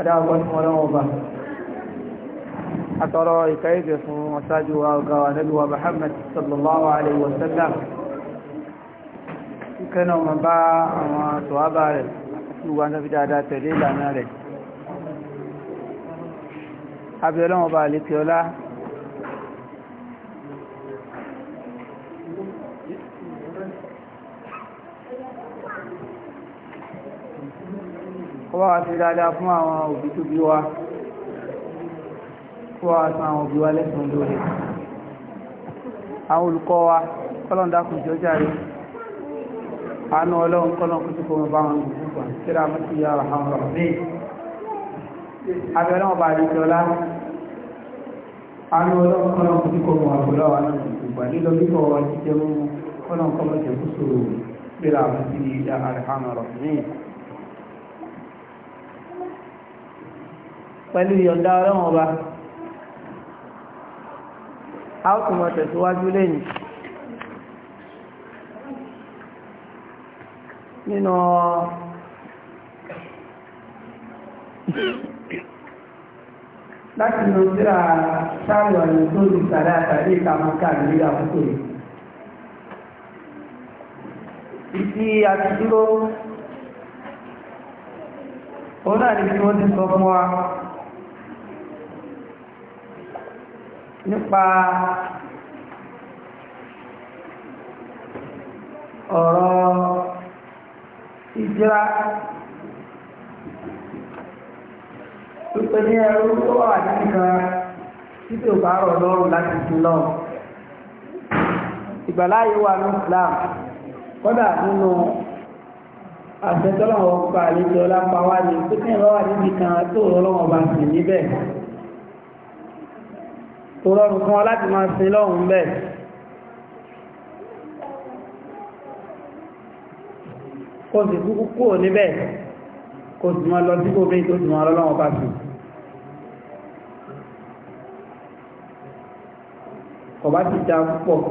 adáwọ̀kọ́ ní ọlọ́wọ́ bá àtọrọ ìkàíkẹ̀ fún ọ̀sájú wa ọ̀gá wa Ànábì wa Muhammad sallallahu alaihi wasallam kẹ́nà ọmọ bá àwọn tọ́wábà rẹ̀ tí wà náà dáadáa tẹ̀lé ìlànà rẹ̀ kó wá ṣe dáadáa fún àwọn òbí tó bí wa kó wá san àwọn òbí wa lẹ́sùn lórí àwọn olùkọ́ wa kọ́lọ̀n dákùn tí ó járe àánú ọlọ́run kọ́lọ̀n kó tí kò mọ̀ bá wọn gbogbo kíra mọ́ sí yàrá àwọn ọ̀rọ̀ ní abẹ́rẹ́ wọn bá rí jọlá àánú ọlọ́run kọ́lọ̀n kó tí kò mọ̀ àbúrò wa náà gbogbo nílò bíbọ̀ wọn jíjẹ mú kọ́lọ̀n kọ́lọ̀n tẹ̀kú sòrò kíra mọ́ sí yàrá àwọn ọ̀rọ̀ ní pẹ̀lú ìyọ̀ǹda ọlọ́run ọba a ó tún mọ̀ tẹ̀síwájú lẹ́yìn nínú láti lọ síra sáàrù àyè tó lù sàrẹ́ àtàrí ìtàmọ́ká ìlú àkókò rẹ̀ ìtí àti dúró òun náà ni bí wọ́n ti sọ fún wa nípa ọ̀rọ̀ ìjírá pípẹ́ ní ẹrú tó wà nìkan títí ò bá rọ̀ lọ́rùn láti fi lọ ìgbàláyé wà ní Islam kọ́dà nínú àṣẹ tọ́lọ́wọ́ pa àlejò ọlápá wá ní pípẹ́ ìrọ́wà níbi kan tó rọ́lọ́wọ́ bá sì níbẹ̀ kò rọrùn fún wọn láti máa sin lọ́hùn bẹ́ẹ̀ kò sì kúkú kúrò níbẹ̀ kò sì máa lọ sí kò bí tó sì máa lọ́wọ́ bá sí kò ti dá púpọ̀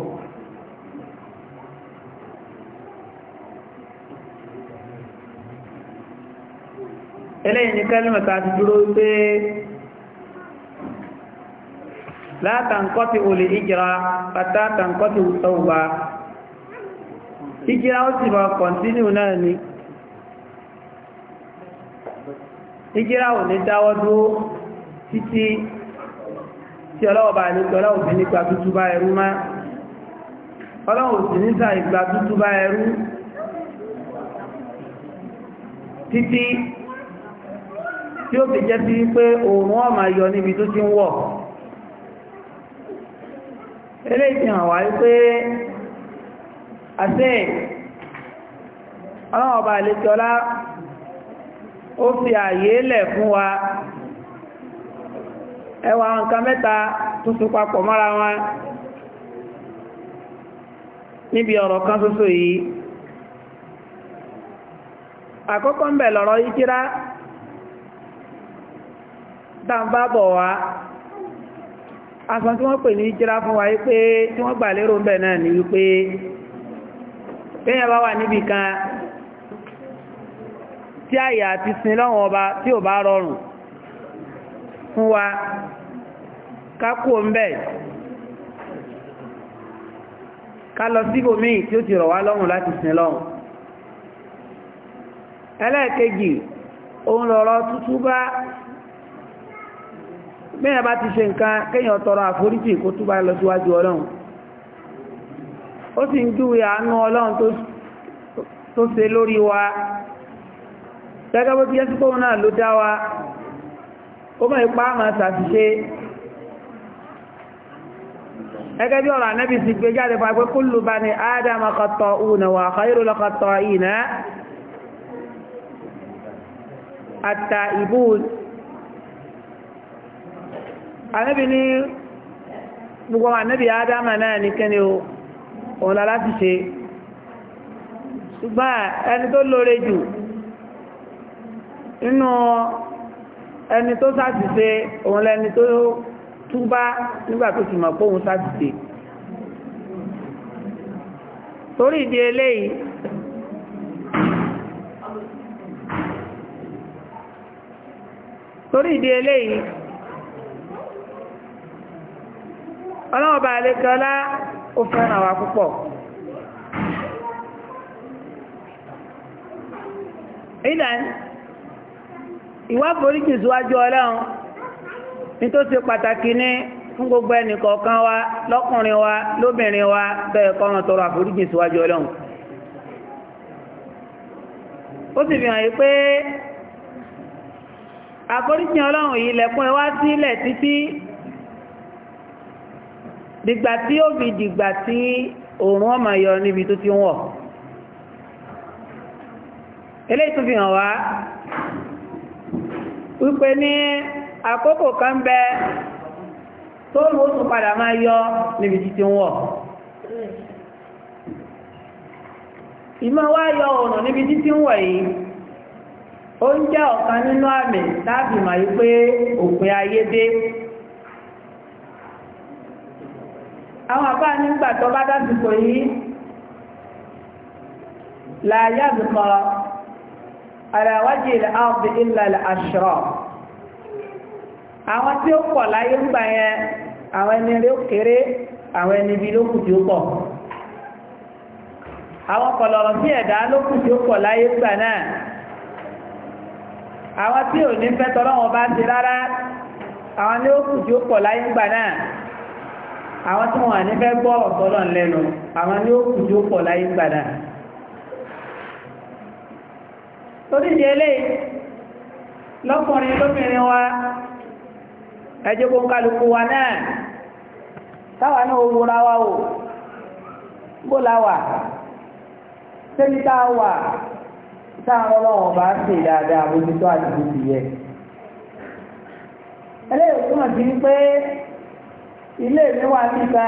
eléyìí ni kẹ́lùmẹ̀ta ti dúró pé látàǹkọ́tì olè ìjìra pátátàǹkọ́tì ìtọ́wà ìjìra ó sì bá kọ̀ntínú náà ni ìjìra ò ní dáwọ́ dúró títí tí ọlọ́ọ̀bà àlejò ọlọ́wọ̀ sí nípa tútú bá ẹrú má ọlọ́wọ̀ sí níta ìgbà tútú bá ẹrú títí tí ó fi jẹ́ sí pé òun ọmọ yọ níbi tó ti ń wọ̀ eléyìí ti hàn wá wípé àti ọlọ́run ọba àlejọ́lá ó fi ààyè lẹ̀ fún wa ẹwà nǹkan mẹ́ta tuntun papọ̀ mọ́ra wọn níbi ọ̀rọ̀ kan soso yìí àkọ́kọ́ ń bẹ̀ lọ́rọ̀ ìjírá tàbábọ̀ wá asan tí wọ́n pè ní hijira fún wa wípé tí wọ́n gbà lérò ń bẹ̀ náà ni wípé bẹ́yàn bá wà níbi kan tí àyà àti sin lọ́wọ́n ọba tí ò bá rọrùn fún wa kákò ń bẹ̀ ká lọ síbòmíì tí ó ti rọ̀ wá lọ́rùn láti sin lọ́rùn ẹlẹ́ẹ̀kejì òun lọ̀rọ̀ tútúbá mẹ́yàn bá ti ṣe nǹkan kéèyàn tọrọ àforíjì kó túbá lọ síwájú ọlọ́run ó sì ń júwe àánú ọlọ́run tó ṣe lórí wa gẹ́gẹ́ bó ti yẹ́ sí kóhun náà ló dá wa ó mọ̀ ipá máa ṣàṣìṣe gẹ́gẹ́ bí ọ̀rọ̀ ànábì sì gbé jáde fún agbé kullu bani ádámà khatta'una wa khayrul khatta'ina at-ta'ibun ànábì ní gbogbo ànábì ádámà náà ní kẹ́ni o òun la láti ṣe ṣùgbọ́n ẹni tó lóore jù nínú ẹni tó sàtìṣe òun lẹni tó túbá nígbà tó ti mọ̀ pé òun sàtìṣe torí ìdí eléyìí torí ìdí eléyìí ọlọ́ọ̀bà àlejọ́lá ó fẹ́ràn wa púpọ̀ ìdán ìwà foríjì síwájú ọlọ́run ní tó ṣe pàtàkì ní fún gbogbo ẹnìkọ̀ọ̀kan wa lọ́kùnrin wa lóbìnrin wa bẹ́ẹ̀ kọ́ wọn tọrọ àforíjì síwájú ọlọ́run ó sì fi hàn yí pé àforíjì ọlọ́run yìí lẹ̀kún ẹ wá sílẹ̀ títí dìgbà tí ó fi dìgbà ọmọ yọ níbi tó ti ń wọ̀ fi hàn wá wípé ní àkókò kan bẹ tóòrùn ó tún padà máa yọ níbi tí ti ń wọ̀ ìmọ̀ yọ níbi tí ti ń wọ̀ yìí ó ń jẹ́ ọ̀kan nínú àmì láti àwọn àbá nígbà bá dásìkò yìí la yabqa ala wajhi al-ardi illa àwọn tí ó pọ̀ láyé ń gbà yẹn àwọn ẹni rí ó kéré àwọn ẹni bí ló kù tí ó pọ̀ àwọn kọlọ̀rọ̀ sí ẹ̀dá ló kù tí ó pọ̀ láyé ń gbà náà àwọn tí ò ní fẹ́ tọ́lọ́wọ́n bá ti rárá àwọn náà àwọn tí wọ́n ní fẹ́ gbọ́rọ̀ sọ́lọ̀ lẹ́nu àwọn ní ó kù pọ̀ láyé padà torídìí eléyìí lọ́kùnrin wa ẹjẹ́ kó wa náà táwa náà owó ra wa bó la wà táwọn bá ilé mi wà níta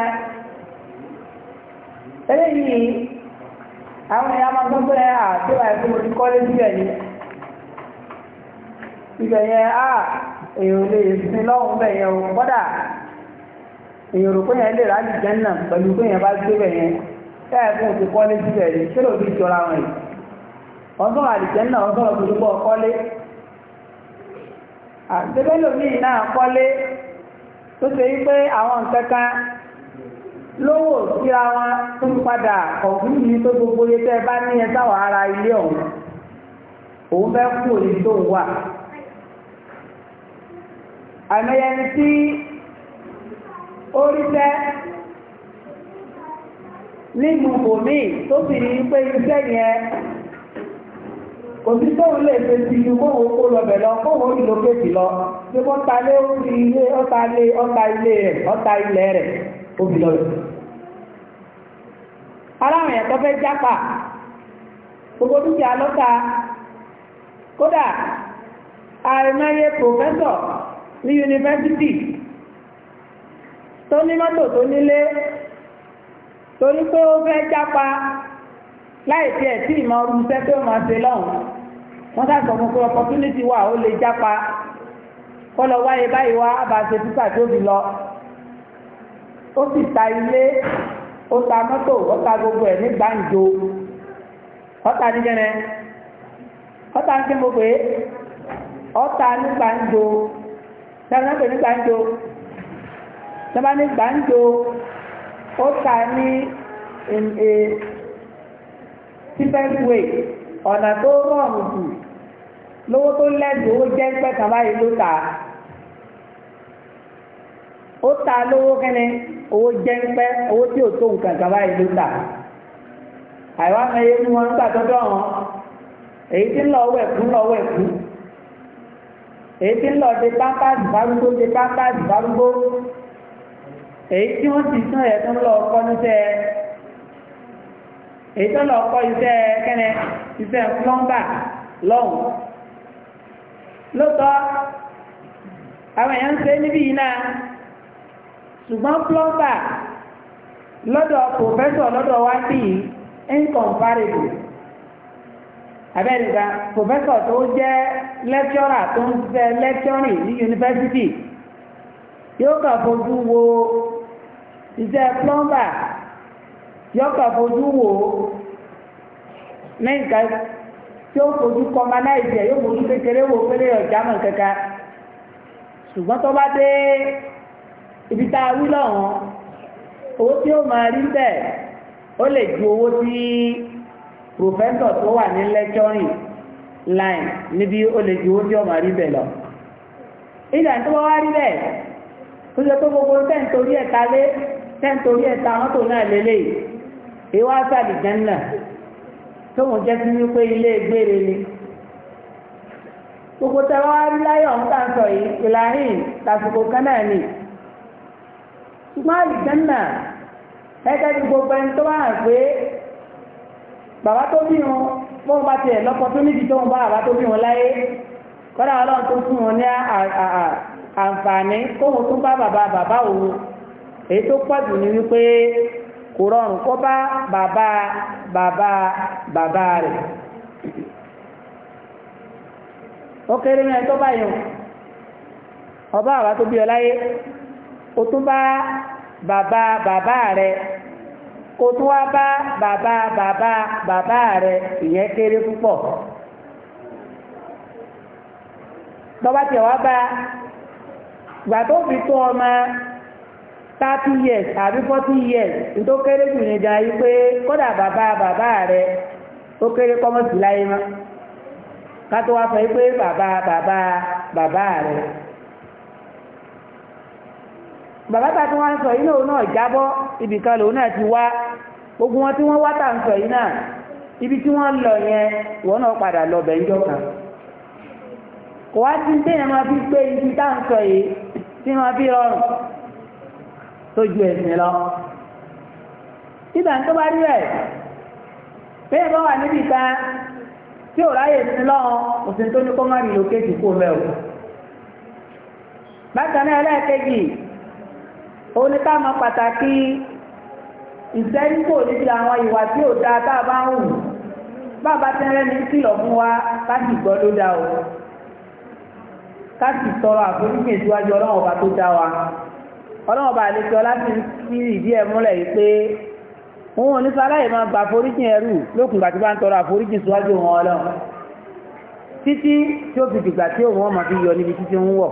eléyìí àwọn ẹ̀yà máa gbọ́ pé àtẹ́wà ẹ̀kọ́ mo kọ́lé síbẹ̀ ni ibẹ̀ yẹn á lè sin eyi bẹ̀ yẹn o kọ́dà eyi yẹn lè ráàlì jẹ́ pẹ̀lú pé yẹn bá gbé bẹ̀ yẹn tẹ́ẹ̀ fún kọ́lé síbẹ̀ ni kí ló fi jọra wọn yìí wọ́n sọ̀rọ̀ àdìjẹ́ náà wọ́n sọ̀rọ̀ tó dúpọ̀ kọ́lé tó ṣe yí pé àwọn nǹkan kan lówó síra wọn tó ń padà ọ̀gbìn yìí tó gbogbo yẹ tẹ́ bá ní ẹ sáwọn ara ilé ọ̀hún òun fẹ́ kú òní tó ń wà àmẹ́yẹ ni tí ó rí tẹ́ nílùú bòmí tó sì ní pé iṣẹ́ yẹn kò sí tóun lè ṣe ti ju kóhun kó lọ bẹ̀ lọ kóhun ìlókèsì lọ ṣé wọ́n ta lé orí ilé ọta ilé ọta ilé rẹ̀ ọta ilẹ̀ rẹ̀ obì lọ rẹ̀. aláwọn ẹ̀tọ́ fẹ́ jápa gbogbo dúkìá lọ́ta kódà àìmọye pòfẹ́sọ̀ ní yunifásitì tó ní mọ́tò tó nílé torí pé ó fẹ́ jápa láì tí ẹ̀ tí ìmọ̀ ọdún iṣẹ́ tó máa ṣe lọ́hùn-ún wọ́n sá sọ fún pé opportunity wà ó lè jápa kọlọ wáyé báyìí wá abàṣe pípà tóbi lọ ó sì ta ilé ó ta mọ́tò ó ta gbogbo ẹ̀ ní gbàǹjo ọ̀tá ní gẹ́nẹ́ ọ̀tá ní mo pé ọ̀tá ní gbàǹjo sábà náà pè ní gbàǹjo sábà ní gbàǹjo ó ta ní different way ọ̀nà tó rọrùn jù lówó tó lẹ́dùn owó jẹ́ pẹ́ kan báyìí ló ta. ó ta lówó kẹ́ni owó jẹ́ ń pẹ́ owó tí ò tó nǹkan kan báyìí ló tà àìwá mẹyẹ fún wọn nígbà tó wọn èyí tí ń lọ wẹ̀ fún lọ wẹ̀ fún èyí tí ń lọ de pápáàdì bárúgbó de pápáàdì bárúgbó èyí tí wọ́n ti tún ẹ̀ tó ń lọ kọ́ níṣẹ́ èyí tó lọ kọ́ iṣẹ́ kẹ́nẹ́ iṣẹ́ plọ́mbà lọ́hùn lóòótọ́ àwọn èèyàn ń ṣe níbí yìí náà. ṣùgbọ́n plọ́mbà lọ́dọ̀ pòfẹ́sọ̀ lọ́dọ̀ wá sí incomparable abẹ́rẹ́gbà pòfẹ́sọ̀ tó jẹ́ lẹ́kṣọ́rà tó ń ní yunifásitì yóò kà wo iṣẹ́ plọ́mbà yóò kà wo tí ó fojú kọmọ láìsí ẹ̀ yóò fojú kékeré wo pélé ṣùgbọ́n tó bá dé ibi tá a wí lọ́wọ́n owó tí ó máa rí bẹ́ẹ̀ ó lè ju owó tí pòfẹ́sọ̀ tó wà ní lẹ́kọ́rìn line níbi ó lè ju owó tí ó máa rí bẹ́ẹ̀ lọ. ìgbà tó wá rí bẹ́ẹ̀ tó jẹ́ pé gbogbo tẹ́ǹtorí ẹ̀ta lé tẹ́ǹtorí ẹ̀ta mọ́tò náà lélẹ̀ ìwá sáàdì jẹ́nà tó mọ̀ jẹ́ sí wípé ilé gbére ni gbogbo tẹ́wọ́ wá rí láyọ̀ ń tà sọ yìí ìlànà ìtàsìkò kan náà nìyí ṣùgbọ́n àlìjẹ́nà ẹgbẹ́ ti gbogbo ẹni tó bá hàn pé bàbá tó bí wọn fún bá tiẹ̀ lọ́pọ̀ tó níbi tó ń bá bàbá tó bí wọn láyé kọ́dà ọlọ́run tó fún wọn ní àǹfààní kóhun tó bá bàbá bàbá òun èyí tó pọ̀jù ní wípé kò rọrùn kó bá bàbá bàbá bàbá rẹ̀ ó kéré mẹ́rin tó báyìí ọba àbá tó bí ọ láyé o tún bá bàbá bàbá rẹ̀ o tún wá bá bàbá bàbá bàbá rẹ ìyẹn kéré púpọ̀ bàbá tiẹ̀ wá bá gbà tó fi tó ọmọ thirty years àbí forty years tó kéré jù ní ìjà pé kódà bàbá bàbá rẹ̀ ó kéré kọ́mọ́sí láyé mọ́ ká tó wá sọ pé bàbá bàbá bàbá rẹ̀ bàbá tà tí wọ́n ń sọ yìí náà náà jábọ́ ibìkan lòun náà ti wá gbogbo wọn tí wọ́n wá tà ń sọ yìí náà ibi tí wọ́n lọ yẹn wọ́n náà padà lọ bẹ̀ ńjọ́ kan kò wá tí téèyàn máa fi pé ibi tá ń sọ yìí tí wọ́n fi rọrùn tó ju ẹ̀sìn lọ nígbà tó bá rí rẹ̀ pé ẹ bá wà níbi kan tí ò ráyè sí lọ́wọ́ òsìn má rí lókè jù kó mẹ́ o bákan náà ẹlẹ́ẹ̀kejì òun ni ká mọ pàtàkì ìsẹ́yìnpò níbi àwọn ìwà tí ò dáa tá a bá ń hù bàbá tẹ́rẹ́ ní kìlọ̀ fún wa ká sì gbọ́ ló dá o ká sì tọrọ àforíjì ìsíwájú ọlọ́run ọba tó dá wa ọlọ́run ọba àlejò láti fi ìdí ẹ̀ múlẹ̀ yìí pé òun ò ní sáláyè máa gba àforíjì ẹrù lókùn gbà tí bá ń tọrọ àforíjì ìsíwájú wọn ọlọ́run títí tí ó fi dìgbà tí òun ọmọ fi yọ níbi títí ń wọ̀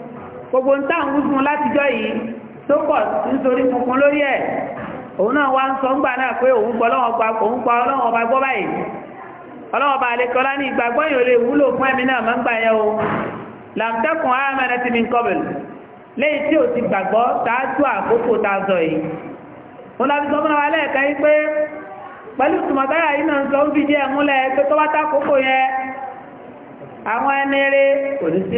gbogbo ń táwọn ń fún látijọ́ yìí tó pọ̀ nítorí funfun lórí ẹ̀ òun náà wá ń sọ ńgbà náà pé òun pa gbọ́ báyìí a sọ yìí mo lábi sọ fún wa lẹ́ẹ̀ka yìí pé pẹ̀lú tùmọ̀táyà yìí náà ń sọ ń fi díẹ̀ múlẹ̀ pé tó bá yẹn àwọn ẹni eré kò ní sí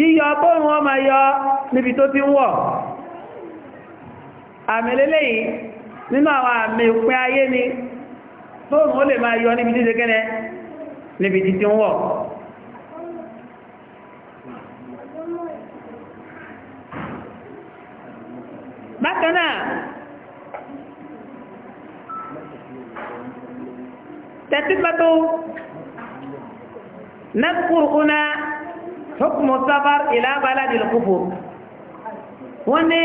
yíyọ bóòrùn ọmọ yọ níbi tó ti wọ̀ àmì lélẹ́yìí nínú àwọn àmì òpin ayé ni bóòrùn ó lè máa yọ níbi títí kẹ́nẹ́ níbi títí ń wọ̀ bákan náà tẹ̀sípẹ́tò nẹ́kùrùkù náà hukumu safar ila baladil kufur wọ́n ní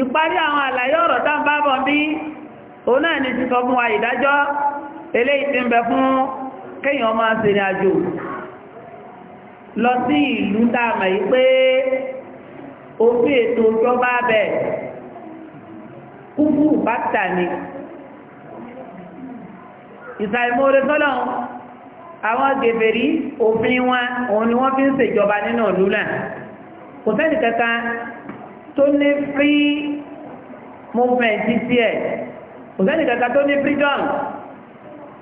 ìparí àwọn àlàyé ọ̀rọ̀ tá ń bá bọ̀ bí òun náà ni ti sọ fún wa ìdájọ́ eléyìí ti ń bẹ fún kéèyàn máa ṣe ìrìn àjò lọ sí ìlú dáàmà yìí pé òfin ètò ìjọba bẹ̀ kúkú bàtà ni ìsàìmọ̀ orin sọ́lọ́run àwọn gèbèrí òfin wọn òun ni wọ́n fi ń ṣèjọba nínú ìlú náà kò sẹ́ni kankan tó ní free movement títí ẹ̀ kò sẹ́ni kankan tó ní freedom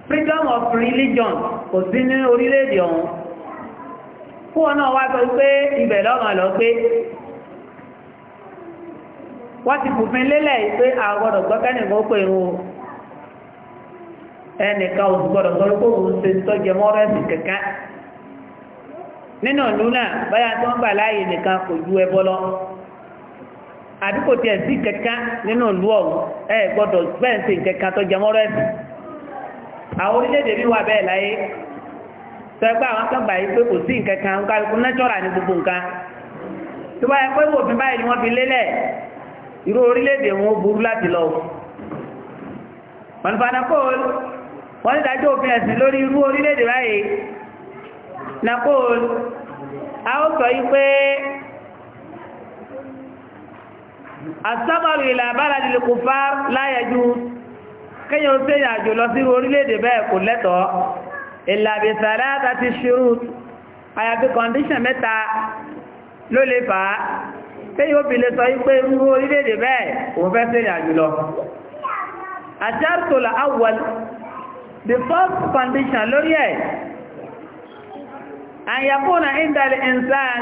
freedom of religion kò sí ní orílẹ̀-èdè ọ̀hún kó wọn náà wá sọ pé ibẹ̀ lọ́rùn lọ pé wọ́n ti fòfin lélẹ̀ pé àwọn gbọ́dọ̀ gbọ́kẹ́nìkan ó pè ń o ẹnìkan ò gbọ́dọ̀ sọ pé òun ṣe tọ́jẹ mọ́rẹ́sì kankan nínú ìlú náà báyà tí wọ́n gbà láàyè nìkan kò ju ẹbọ lọ àbí kò tiẹ̀ sí kankan nínú ìlú ọ̀hún ẹ gbọ́dọ̀ gbẹ̀ǹsì kankan tọ́jẹ mọ́rẹ́sì àwọn orílẹ̀-èdè bí wà bẹ́ẹ̀ láyé sọgbà àwọn akẹ́gbà yìí pé kò sí nǹkan kan ń kálukú nẹ́tọ́rà ní gbogbo nǹkan tó bá yẹ pé òfin báyìí ni wọ́n fi lélẹ̀ irú orílẹ̀-èdè wọn burú láti lọ. wọn fana kó wọ́n ní dájú òfin ẹ̀sìn lórí irú orílẹ̀-èdè báyìí nàkó a ó sọ yìí pé asábàlù ìlà bára lílé kò fá láyẹjú kéyàn ṣe ìrìnàjò lọ sí orílẹ̀-èdè bẹ́ẹ̀ kò lẹ́tọ̀ọ́ ìlàbẹ̀sàlá àti ṣirú àyàfi kọ̀ndíṣàn mẹ́ta ló lè fà á kéyàn ó fi lè sọ wípé irú orílẹ̀-èdè bẹ́ẹ̀ òun fẹ́ ṣe ìrìnàjò lọ àṣàtòlà awwal the first condition lórí ẹ̀ àyàkúnà ìdàlẹ̀ ìsàn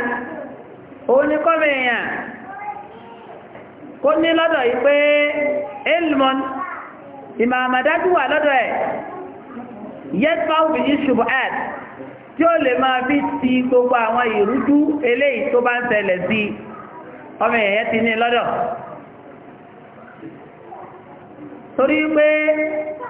oníkọ́mẹ̀ èèyàn kó ní lọ́dọ̀ yìí pé elmon ìmàmàdájú wà lọ́dọ̀ ẹ̀ yẹ́tọ́wì ìṣùbọ̀ ẹ̀t tí ó lè máa fi ti gbogbo àwọn ìrújú eléyìí tó bá ń ṣẹlẹ̀ sí ọmọ èèyàn ti ní lọ́dọ̀ torí pé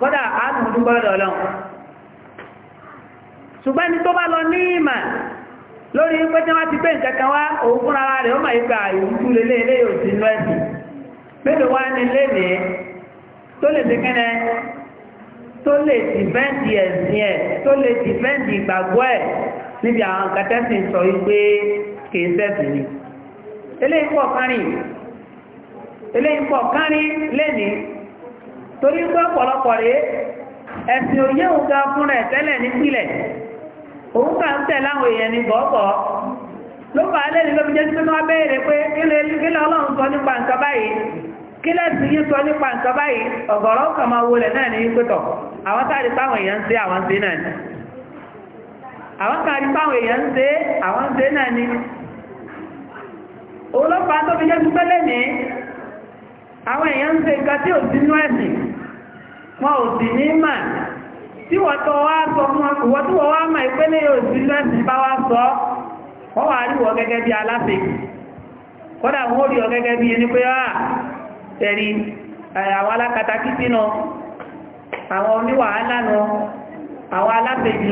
kódà àádùn dúpẹ́ lọ́dọ̀ ọlọ́run ṣùgbọ́n ní tó bá lọ ní ìmà lórí pé tí wọ́n ti gbé nǹkan kan wá òun fúnra rẹ̀ ó máa gba ìwújú lélé ilé òsì inú ẹ̀sìn mélòó wá ní lénìí tó lè ti kẹ́nẹ́ tó lè dìfẹ́ǹdì ẹ̀sìn ẹ̀ tó lè dìfẹ́ǹdì ìgbàgbọ́ ẹ̀ níbi àwọn kẹtẹ́sìn sọ wípé kìí sẹ́sìn ni eléyìí pọ̀ kárin eléyìí pọ̀ torí pé ọ̀pọ̀lọpọ̀ rẹ̀ ẹ̀sìn òye òun ga fún rẹ̀ tẹ́lẹ̀ nípìnlẹ̀ òun kà ń tẹ̀ láwọn èèyàn ní bọ́ọ̀bọ̀ ló fà á lẹ́nu jẹ́ pé ọlọ́run sọ nípa nǹkan báyìí sọ nípa nǹkan báyìí ọ̀gọ̀rọ̀ kan máa náà ní pẹ́tọ̀ àwọn táàrí èèyàn ń ṣe àwọn ṣe náà ni àwọn táàrí èèyàn ń ṣe àwọn ṣe náà ni tó fi jẹ́ sí àwọn èèyàn wọn ò sì ní mà tí wọ́n tó wá sọ fún ìwọ́n tí wọ́n wá mà sọ wọ́n wà rí gẹ́gẹ́ bí aláfẹ́kì kódà wọ́n ó gẹ́gẹ́ bí ẹni pé á ah, tẹ̀rí àwọn alákatakí àwọn oníwàhálà àwọn aláfẹ́kì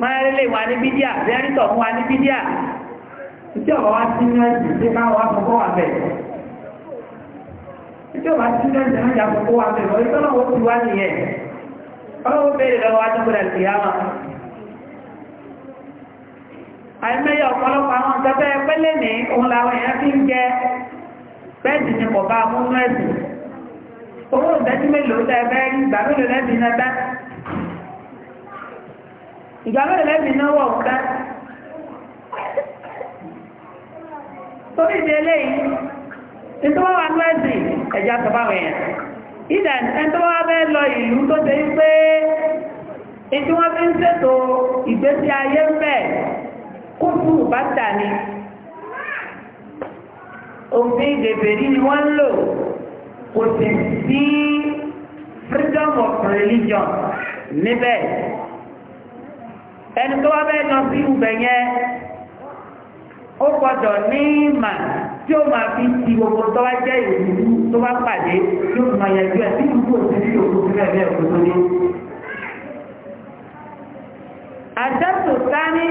máa rí lè wà ní bídíà tọ̀ fún wa ní bídíà tí ọ̀rọ̀ wá sí ní tí ó bá tí náà jẹ́ náà kókó wa bẹ̀rẹ̀ orí tọ́lọ́ ó ti wá nìyẹn ọlọ́wọ́ bẹ̀rẹ̀ lọ́wọ́ adúgbòdà sí yàmà àìmẹ́yẹ ọ̀pọ̀lọpọ̀ àwọn ìjọba ẹgbẹ́ lẹ́nì òun làwọn èèyàn fi ni kò bá múnú ẹ̀sìn owó ìdájú mélòó tẹ ẹgbẹ́ rí ìgbà mélòó lẹ́bí iná dá ìgbà nítorí wà ní ẹ̀sìn ẹ̀já sọ̀báwọ̀ èèyàn ìdà ẹ̀tọ́ wà bẹ́ẹ̀ lọ ìlú tó ṣe pé ètí wọ́n fi ń ṣètò ìgbésí ayé ń kó fún ìbátà ni òfin ìdèbèrí ni wọ́n lò kò sì sí freedom of religion níbẹ̀ ẹni tó wà bẹ́ẹ̀ lọ sí ibẹ̀ yẹn ó gbọ́dọ̀ ní ìmọ̀ tí ó máa fi ti gbogbo tó jẹ́ ìròyìn tó bá pàdé tí ó máa yẹjú ẹ̀ tí gbogbo òṣèlú ní ẹ̀kọ́ tó dé. Àjọsùn sáré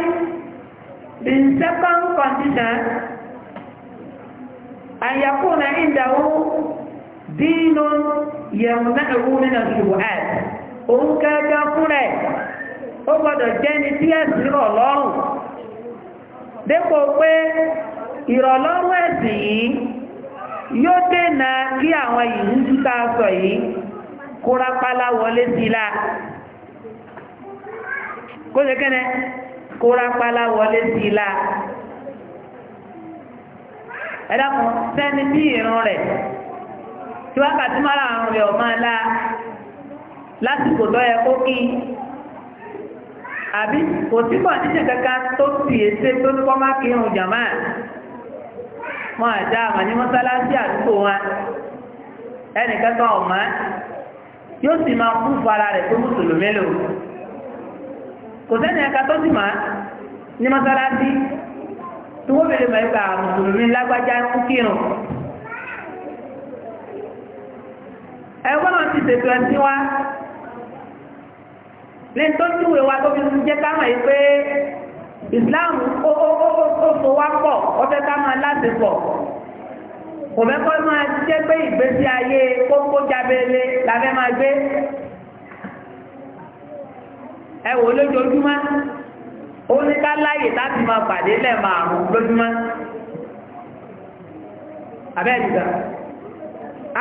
the second condition àyàkùn náà ìdáwó dínú yẹ̀wù náà ewu nínú ṣùgbọ́n òun ó gbọ́dọ̀ jẹ́ni ìrọ̀lọ́rùn ẹ̀sìn yìí yóò dènà kí àwọn ìrújú tá a sọ yìí kórapálá wọlé sí i la kó ṣe kẹ́nẹ́ kórapálá wọlé sí i la ẹ dákun sẹ́ni tí ìrun rẹ̀ tí wákàtí mara àrùn rẹ̀ ọ̀mọ́ ńlá lásìkò tó yẹ kó kí àbí kò sí kọ̀ǹdíṣẹ̀ kankan tó sì èsè tó ní kọ́ má kírun jàmáà wọn àdá àmà ní mọ́sálásí àdúgbò wọn ẹnìkan kan ọ̀mọ́ yóò sì máa kú fara rẹ̀ tó mùsùlùmí lò kò sẹ́ni ẹ̀ka tó sì máa ní mọ́sálásí tí wọ́n bèrè mọ̀ ẹ̀ka mùsùlùmí lágbájá kú kírun. ẹ̀wọ́n náà ti ṣètò ẹtí wa lẹ́yìn tó ń túwèé wa tó fi jẹ́ káwọn yìí pé islam ó so wá pọ̀ ó fẹ́ ká máa láti pọ̀ kò fẹ́ kọ́ máa jẹ́ pé ìgbésí ayé kókó jábẹ́lé la fẹ́ máa gbé ẹ wò lójoojúmọ́ ó ní ká láyè láti máa pàdé lẹ́ẹ̀mọ àrùn lójúmọ́ abẹ́ẹ̀dìgbà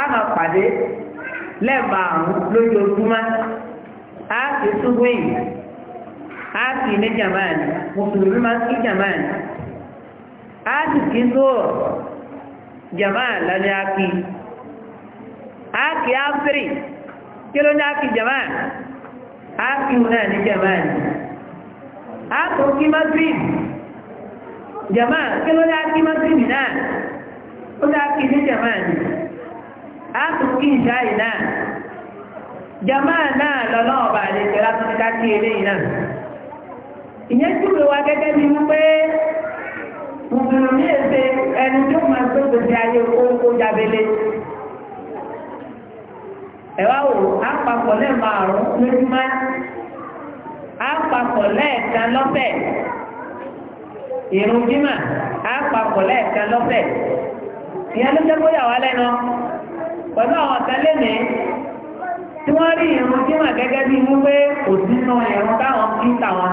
á máa pàdé lẹ́ẹ̀mọ àrùn lójoojúmọ́ á sì túbú yìí a sì ní jamani mùsùlùmí máa ń kí jamani a sì kí zoro jamani lọ́ní a kí a kí áfírí kí ló ní a kí jamani a kí náà ní jamani a tó kí madrid jamani kí ló ní a kí madrid náà ó ní a kí ní jamani a tó kí ìṣáyì náà jamani náà lọ́nà ọba àlejò látúndíká kí eléyìí náà ìyẹn júwe wa gẹ́gẹ́ bí wípé mùsùlùmí èsè ẹni tó máa tó gbèsè ayé kókó jábélé ẹ̀wá wò àpapọ̀ lẹ́ẹ̀mọ àrùn lójúmọ́ àpapọ̀ lẹ́ẹ̀kan lọ́fẹ̀ ìrùn jímà àpapọ̀ lẹ́ẹ̀kan lọ́fẹ̀ ìyẹn ló jẹ́ bóyá wa lẹ́nu pẹ̀lú àwọn kan lémi tí wọ́n rí ìrùn jímà gẹ́gẹ́ bí wípé òsínú ìrùn táwọn kí táwọn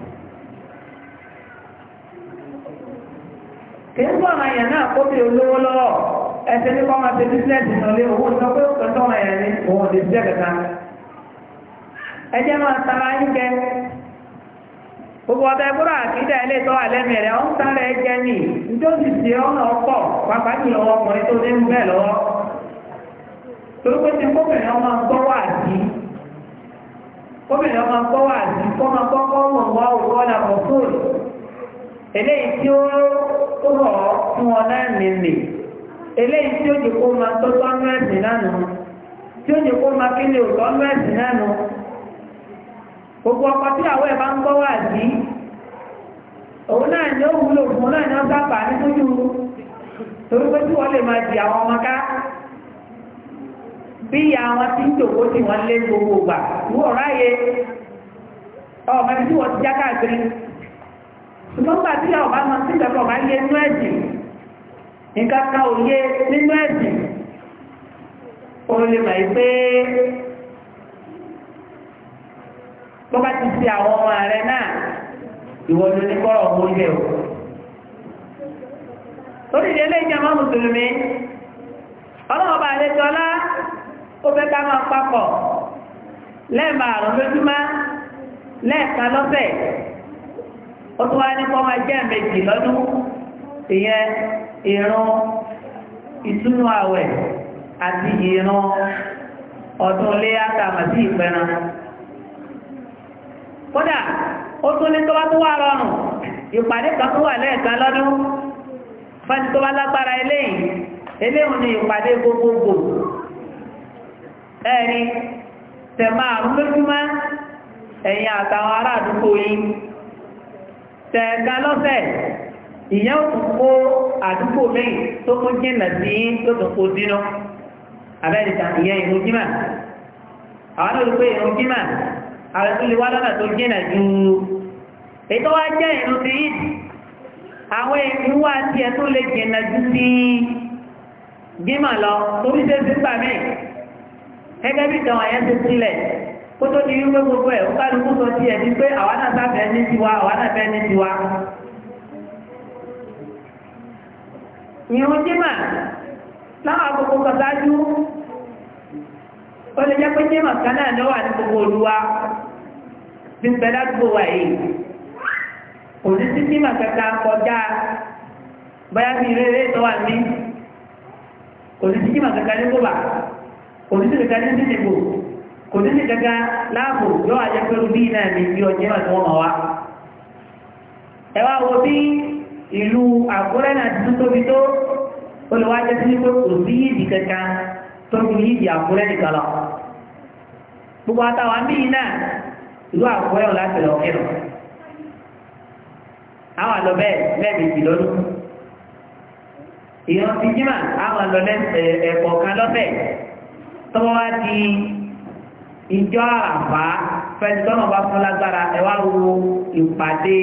kìí fún ọ̀nà èèyàn náà kó bí olówó ẹsẹ̀ ní kọ́ máa ṣe bísíǹsì náà owó sọ pé òkè tọ́wọ́ ẹ̀yà òun ò ṣiṣẹ́ kẹta. máa gbogbo àkídà ilé rẹ̀ ọ̀nà pàápàá ọkùnrin tó ní bẹ́ẹ̀ lọ́wọ́ ti kóbìnrin ọmọ gbọ́ eléyìí tí ó tó hàn ọ́ fún ọ náà nìyí eléyìí tí ó jẹ́ kó máa tó tọ́nú ẹ̀sìn náà tí ó jẹ́ kó kí ni ò tọ́nú ẹ̀sìn gbogbo ọkọ̀ tí ẹ̀ bá ń gbọ́ wà sí òun náà ni ó wúlò fún náà ni ó sábà ní tójú torí pé tí wọ́n lè máa àwọn ọmọ ṣùgbọ́n dị tí ọba máa ọba yé inú ẹ̀jẹ̀ nǹkan kan nínú ẹ̀jẹ̀ ó lè mọ̀ yìí ti ṣe àwọn ọmọ rẹ náà ìwọ ní kọ́rọ̀ o lórí ilé ìjàmá mùsùlùmí ọlọ́wọ́ bá àlejò ọlá ó fẹ́ ká máa papọ̀ ó tún wá ní kó máa jẹ́ méjì lọ́dún ìyẹn ìrun ìtúnú àwẹ̀ àti ìrun ọdún lé àtàmà sí ìpẹran kódà ó tún ní tó bá tó wà rọrùn ìpàdé kan tó wà lẹ́ẹ̀kan lọ́dún fẹ́ni tó bá lágbára eléyìí ni ìpàdé gbogbogbò tẹ̀ máa tẹ̀ẹ̀ka lọ́sẹ̀ ìyẹn ò àdúgbò tó kún jìnnà sí tó tún kó dínú abẹ́ẹ̀dìta ìyẹn ìlú awa àwọn olùgbé ìlú jímà lọ́nà tó jìnnà ju ètò wa jẹ́ ìlú ti yìí àwọn ìlú wa tiẹ̀ tó lè lọ tó gẹ́gẹ́ bí ìtàn kó tó di wípé gbogbo ẹ̀ ó kálukú sọ sí ẹ̀ ní pé àwa náà sábẹ́ ní tiwa àwa náà fẹ́ ní tiwa. ìrún jímà láwọn àkókò kan ṣáájú ó lè jẹ́ pé jímà kan náà lọ́wọ́ àti gbogbo olúwa bí ń bẹ ládùúgbò wa yìí kò ní sí jímà kankan kọjá bóyá bí rere tó wà ní kò ní sí jímà kankan ní gbòbà kò ní sí kankan ní sí kò ní sí kankan láàbò yóò wá jẹ́ pẹ̀lú bí náà ní bí ọjọ́ náà tí wọ́n mọ̀ wá. ẹ wá wo bí ìlú àkúrẹ́ náà ti tún tóbi tó olùwájẹ́ sí pé kò sí yídì kankan tó fi yídì àkúrẹ́ nìkan lọ. gbogbo àtàwọn míì náà ìlú àkúrẹ́ ò láti lọ àwọn àlọ́ bẹ́ẹ̀ lẹ́ẹ̀mejì lọ́dún ìrántí jimá àwọn àlọ́ ẹ̀kọ̀ọ̀kan lọ́fẹ̀ẹ́ tọ́wọ́ wá di ìjọ àràfà fẹ́ntọ́nà bá fún lágbára ẹwà wo ìpàdé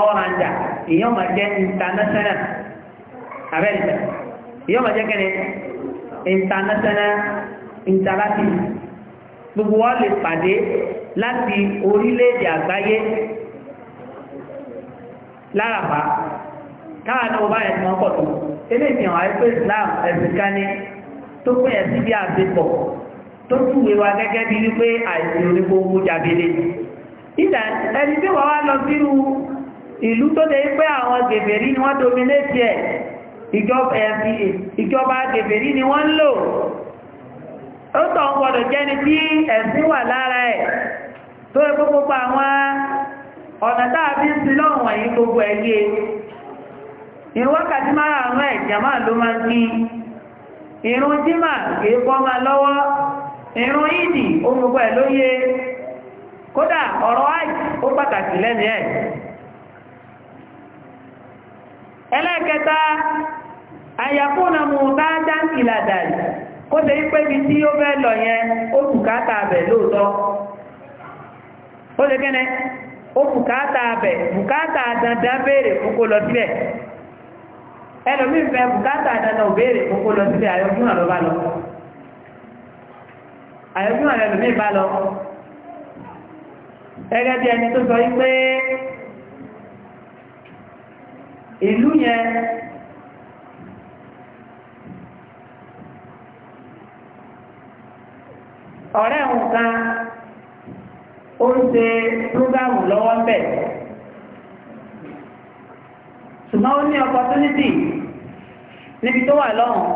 ọ̀rànjà èyàn máa jẹ́ international abẹ́rẹ́ta èyàn máa jẹ́ kẹ́ni international interactive gbogbo wa lè pàdé láti orílẹ̀-èdè àgbáyé láràfà káwà náà bá ẹ̀sìn ọkọ̀ tó eléyìí hàn àìpé Islam ẹ̀sìn kan ní tó pín ẹ̀sìn bí àgbépọ̀ tó túwé wa gẹ́gẹ́ bí wípé àìsàn onígbogbo jàbílé ìdá ẹni tí wọ́n wá lọ sínú ìlú tó lè pé àwọn gèbèrí ni wọ́n dominate ẹ̀ ìjọba gèbèrí ni wọ́n lò ó tọ̀ ń jẹ́ni tí wà lára ẹ̀ tó ẹ gbogbo àwọn ọ̀nà ìrún ìdì ohun ẹ̀ ló kódà ọ̀rọ̀ àjì ó pàtàkì lẹ́nu ẹ̀ ẹlẹ́kẹta àyàfóònà mú bá dáńkì kó tẹ́ wípé bí tí ó fẹ́ lọ yẹn ó bùkátà abẹ̀ lóòótọ́ ó lè kẹ́nẹ́ ó bùkátà dandan béèrè fún kó lọ sílẹ̀ ẹlòmíì fẹ́ bùkátà dandan béèrè fún kó lọ sílẹ̀ àyẹ̀kún àwọn ẹlòmí ìbá lọ gẹ́gẹ́ bí ẹni tó sọ wípé ìlú yẹn ọ̀rẹ́ òun kan ó ń ṣe púrógámù lọ́wọ́ bẹ̀ ṣùgbọ́n ó ní opportunity níbi tó wà lọ́hùn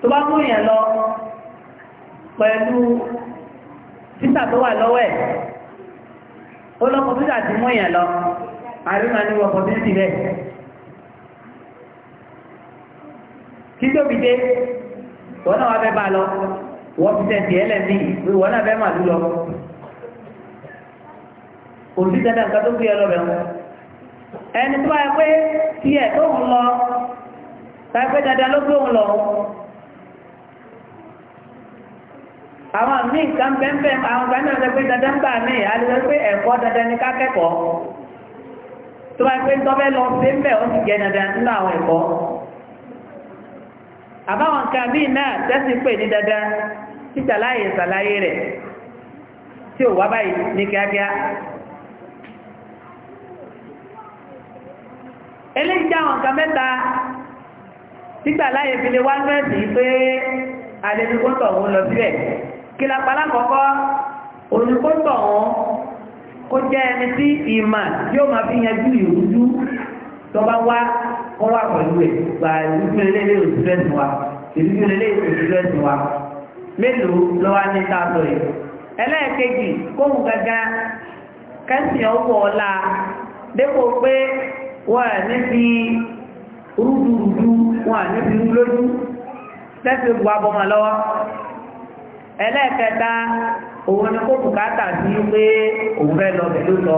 tó bá mú yẹn lọ pẹ̀lú títà tó wà lọ́wọ́ ẹ̀ ó lọ́kọ̀ títà ti mú èèyàn lọ àríwá ní wọ́pọ̀ títì rẹ̀ kí tó fi dé wọ́n náà wá fẹ́ bá lọ wọ́n fi tẹ̀sí ẹlẹ́mí wọ́n náà fẹ́ màlú lọ òbí dada nǹkan tó gbé ọlọ́rẹ̀ wọn ẹni tó bá yẹ pé tiẹ̀ tó ń lọ táyé pé dada ló gbé òun lọ àwọn míì nǹkan pẹ́ńpẹ́ àwọn kan náà sọ pé dandan gbà míì a lè sọ pé ẹ̀kọ́ dandan ni ká kẹ́kọ̀ọ́ tó bá pé tọ́fẹ́ lọ sí ń bẹ̀ ó sì jẹ́ dandan nínú àwọn ẹ̀kọ́ àbáwọn nǹkan míì náà tẹ́sí pè ní dandan títà láàyè ìsàlàyé rẹ̀ tí ò wá báyìí ní kíákíá eléyìí jẹ́ àwọn nǹkan mẹ́ta títà láàyè fi lè wá nú ẹ̀sìn pé àlejò kó tọ̀ kílápàlá kọ̀kọ́ olùkótọ̀ wọn kó jẹ́ ẹni tí ìmà yóò máa fi yanjú ìrújú tó bá wá kọ́ wà pẹ̀lú ẹ̀ gba ìrújú lélẹ́ òṣìṣẹ́ ẹ̀sìn wa ìrújú lélẹ́ òṣìṣẹ́ ẹ̀sìn wa mélòó lọ́wọ́ ní táàtọ̀ yìí ẹlẹ́ẹ̀kejì kóhùn gangan kẹ́sì ọwọ́ ọ̀la dépò pé wọ́n ẹ̀ níbi rúdurùdu wọ́n ẹ̀ níbi rúdurùdu lẹ́sìn bu abọ́mọ lọ́wọ́ ẹlẹ́ẹ̀kẹta òun ni kó bùkátà sí pé òun fẹ́ lọ bẹ̀ ló sọ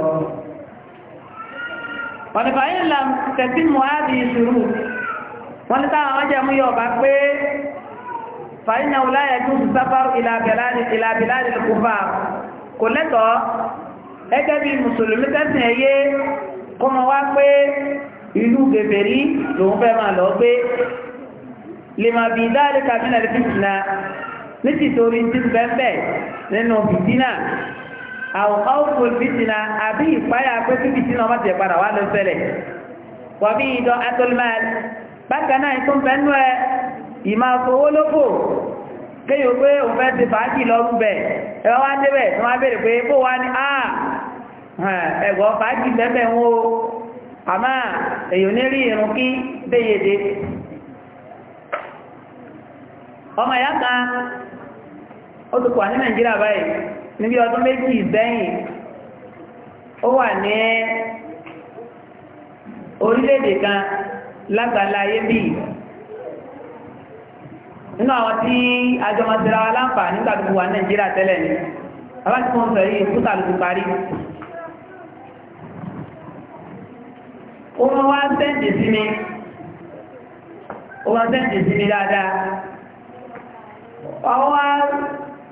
ọ̀nìfà yìí làm tẹ̀sí mọ́hábì ìṣòro wọ́n ní táwọn ọjọ́ mú yọ̀ọ̀bá pé fàyínà wùláyà jùlọ sáfà ìlàbìláàdì kùfà kò lẹ́tọ̀ọ́ ẹgẹ́ bí mùsùlùmí tẹ́sìn ẹyẹ kó mọ wá pé ìlú bèbèrí lòun fẹ́ máa lọ gbé lè máa bí dáadé kàmínà lè fi nítorí tí bẹ́ẹ̀ nínú fìtínà àwòkọ́wò fìtínà àbí ìpáyà pé kí ọmọ tẹ̀ padà wà ló fẹ́lẹ̀ wọ́n bí ìdán atọ́lùmọ́ bákan náà tó ń nú ẹ ìmọ̀ owó lóko pé òun fẹ́ ti fàájì ẹ wá débẹ̀ tí wọ́n bèèrè pé wá ní fàájì bẹ́ẹ̀ ń wo èyàn ní rí irun kí ọmọ ìyá kan ó ti wà ní nàìjíríà báyìí níbi ọdún méjì sẹ́yìn ó wà ní orílẹ̀-èdè kan lágbàlá bí nínú àwọn tí àjọmọ̀síra wa láǹfààní nígbà tó wà ní nàìjíríà tẹ́lẹ̀ ni bàbá tí wọ́n sọ yìí parí wá sẹ́ǹdì sí mi dáadáa ọwọ́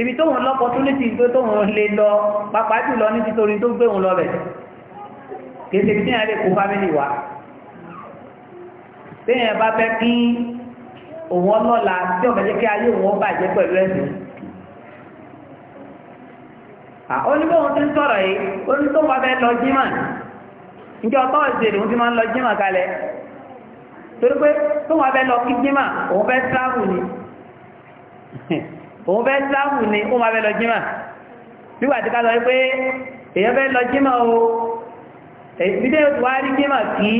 ibi tó wọn lọ́pọ̀ tó létí tó tó wọn lè lọ pàpàá jù lọ ní títorí tó gbé wọn lọ́bẹ̀ kéde tí a lè kó fámílì wa téèyàn bá fẹ́ kí òun ọlọ́la tí ọ̀fẹ́ jẹ́ kí ayé òun bàjẹ́ pẹ̀lú ẹ̀sìn oníbòhun tí ń sọ̀rọ̀ yìí onítòhun bá fẹ́ lọ jímà ìjọ tọ́ọ̀sì lòun ti máa ń lọ jímà kalẹ̀ torí pé tóun bá fẹ́ lọ kí jímà òun fẹ́ tíráàbù ni òun fẹ́ sáàmù ni ó máa fẹ́ lọ jímà nígbà tí ká sọ pé èyàn fẹ́ lọ jímà o ìdílé tó wá rí jímà kí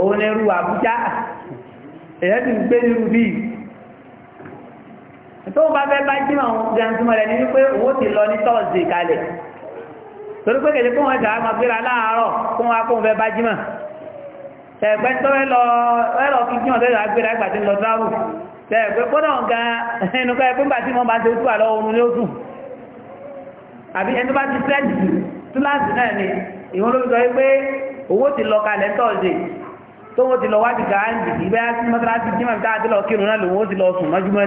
òun ẹrù àbújá èyàn ti gbé nínú bíi tó bá fẹ́ bá jímà òun jẹun túmọ̀ rẹ̀ ní pé òun ti lọ ní tọ́ọ̀sì kalẹ̀ torí pé kèdè fún ẹ̀sà àmà gbéra láàárọ̀ fún wa fún ọ̀fẹ́ bá jímà ẹ̀gbẹ́ tó fẹ́ lọ kí jímà tó tẹ́ẹ̀pẹ́ gbọ́dọ̀ gan ẹnu kọ́ ẹgbẹ́ bá tí wọ́n bá ti tú àlọ́ oorun ní oṣù àbí ẹni bá ti tẹ́ẹ̀dì túláàsì náà ni ìwọ́n ló sọ pé owó ti lọ kalẹ̀ tọ́ọ̀dẹ̀ tó wọ́n ti lọ wá ti gà á ń dì jímọ̀ tá a ti lọ kírun náà lòun ó ti lọ sùn mọ́júmọ́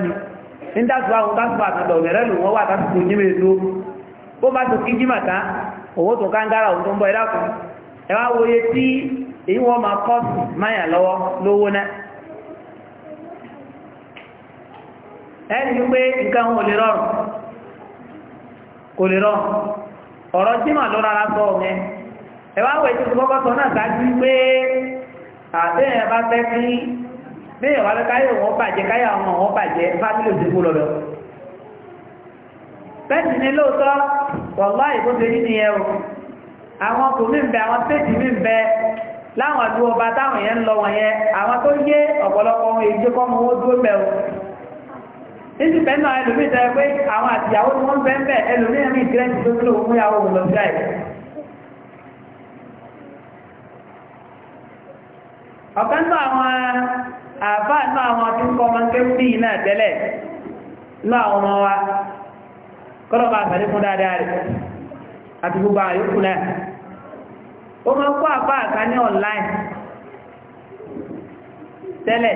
ni ẹni wípé nǹkan wọn ò lè rọrùn kò lè rọrùn ọ̀rọ̀ jímọ̀ ló rárá sọ ọ̀mẹ́ ẹwà wẹ̀ tí kọ́kọ́ sọ náà sáájú pé àbẹ́yẹn bá fẹ́ kí bẹ́yẹ̀ láwọn àdúgbò bá táwọn lọ àwọn tó yé ọ̀pọ̀lọpọ̀ ohun èyí kọ́ mọ́ nítorí bẹ́ẹ̀ náà ẹlòmíì tẹ́ pé àwọn àtìyàwó ni wọ́n bẹ́ẹ̀ bẹ́ẹ̀ ẹlòmíì ẹ̀mí gírẹ́ǹtì tó kílò fún ìyàwó òun lọ sí àìsí. ọ̀kan náà àwọn àbá náà àwọn tí ń kọ́ ọmọ ké fún yìí náà tẹ́lẹ̀ náà àwọn ọmọ wa kọ́lọ́ bá àtàlẹ́ fún dáadáa rẹ̀ àti gbogbo àwọn yòókù náà. ó máa kó àbá àká ní tẹ́lẹ̀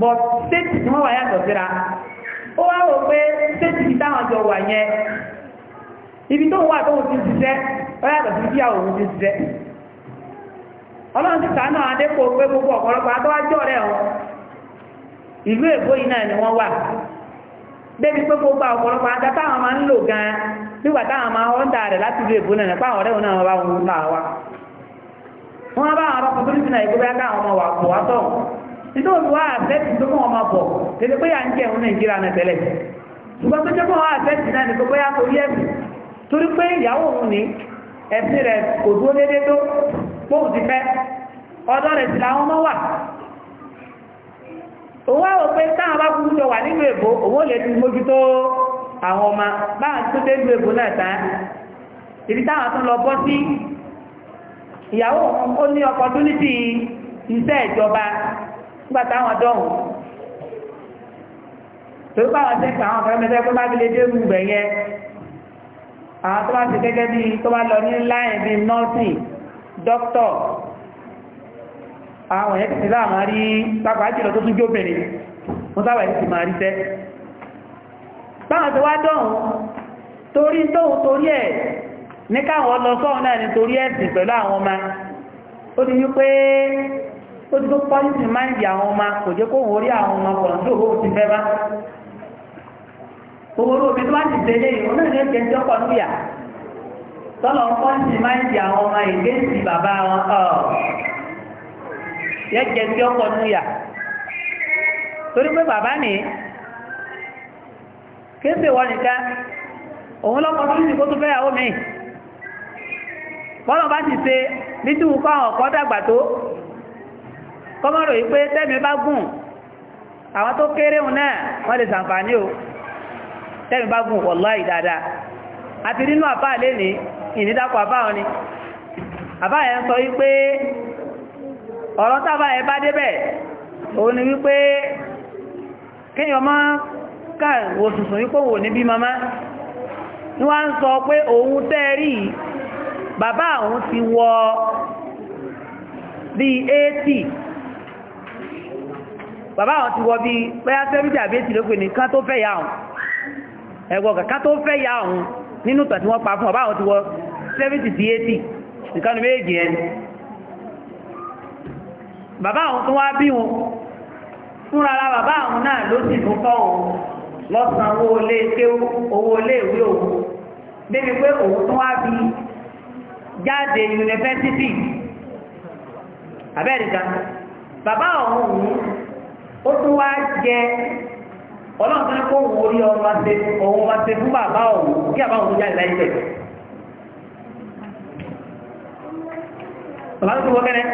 but state tí wọ́n wà yàtọ̀ síra ó wá wò pé state ibi táwọn jọ ibi tó wà tóun ti ṣiṣẹ́ ó yàtọ̀ sí bí a òun ti ṣiṣẹ́ ọlọ́run ti sàánà adépo pé gbogbo ọ̀pọ̀lọpọ̀ rẹ̀ wọn ìlú èkó yìí náà ni wọ́n wà débi pé gbogbo ọ̀pọ̀lọpọ̀ táwọn máa ń lò gan-an nígbà táwọn máa ń rẹ̀ láti ìlú èkó náà nípa àwọn náà wọ́n bá wọn wọ́n bá àwọn inú olùwà àfẹ́tì tó mọ̀ ọmọ bọ̀ tètè pé à ń jẹun nàìjíríà náà tẹ́lẹ̀ ṣùgbọ́n tó jẹ́ náà ní bóyá torí ẹ̀sìn torí pé ìyàwó òun ní ẹ̀sìn rẹ̀ kò dúró déédéé tó ti fẹ́ rẹ̀ sì làwọn ọmọ wà òun pé táwọn bá kúrú jọ wà nínú èbó òun ò lè ti àwọn ibi táwọn tó lọ bọ́ sí ìyàwó òun ó ní iṣẹ́ nígbà táwọn dọ̀hùn torí báwọn sẹ́ńtà àwọn ọ̀fẹ́ mẹ́tẹ́ pé bá fi lè dé rú ibẹ̀ yẹn àwọn tó bá ti gẹ́gẹ́ bí tó bá lọ ní láyìn bí nọ́ọ̀sì dókítọ̀ àwọn ẹ̀yẹ́ ti láà máa rí pàpàá jùlọ tó tún jóbìnrin wọ́n sáwà ẹ̀yẹ́ ti máa rí tẹ́ báwọn tó wá dọ̀hùn torí tóhun torí ẹ̀ ní káwọn lọ sọ́hun náà nítorí ẹ̀sìn pẹ̀lú àwọn ọmọ ó ti wípé ó ti tó pálí sí ahụma ń di àwọn ọmọ kò jẹ́ kó ndị ti fẹ́ bá owó omi ti tẹ̀lé ìwọ náà ní ẹ̀jẹ̀ tó kọ́ níyà tọ́lọ̀ ń pọ́ sí torí pé bàbá ni kéde nìkan òun lọkọ tó ní fẹ́ yàwó mi bá ti nítorí kọ́mọ̀rọ̀ yìí tẹ́mi bá àwọn tó kéré náà wọ́n lè sàǹfàní o tẹ́mi bá gùn wọ̀láì dáadáa àti nínú àbá lè ní ìnídàpọ̀ àbá ni àbá ń sọ wípé ọ̀rọ̀ ẹ bá débẹ̀ òun ni wípé bí bàbá àwọn ti wọ bí pẹ́yà sẹ́mítì àbẹ́tì ló pè ní ká tó fẹ́ yà ọ̀hún ẹ̀gbọ́n ká tó fẹ́ yà ọ̀hún nínú ìtàn tí wọ́n pa fún bàbá àwọn ti wọ sẹ́mítì sí eighty nìkan ní méjì yẹn bàbá àwọn tó wá bí wọn fúnra la bàbá àwọn náà ló sì tún kọ́ òun lọ́sàn owó ilé ó tún wá jẹ ọlọ́run kan kó wò orí ọmọ ṣe òun máa ṣe fún bàbá òun kí àbá òun tó jáde láyé bẹ̀. bàbá tó wọ kẹ́rẹ́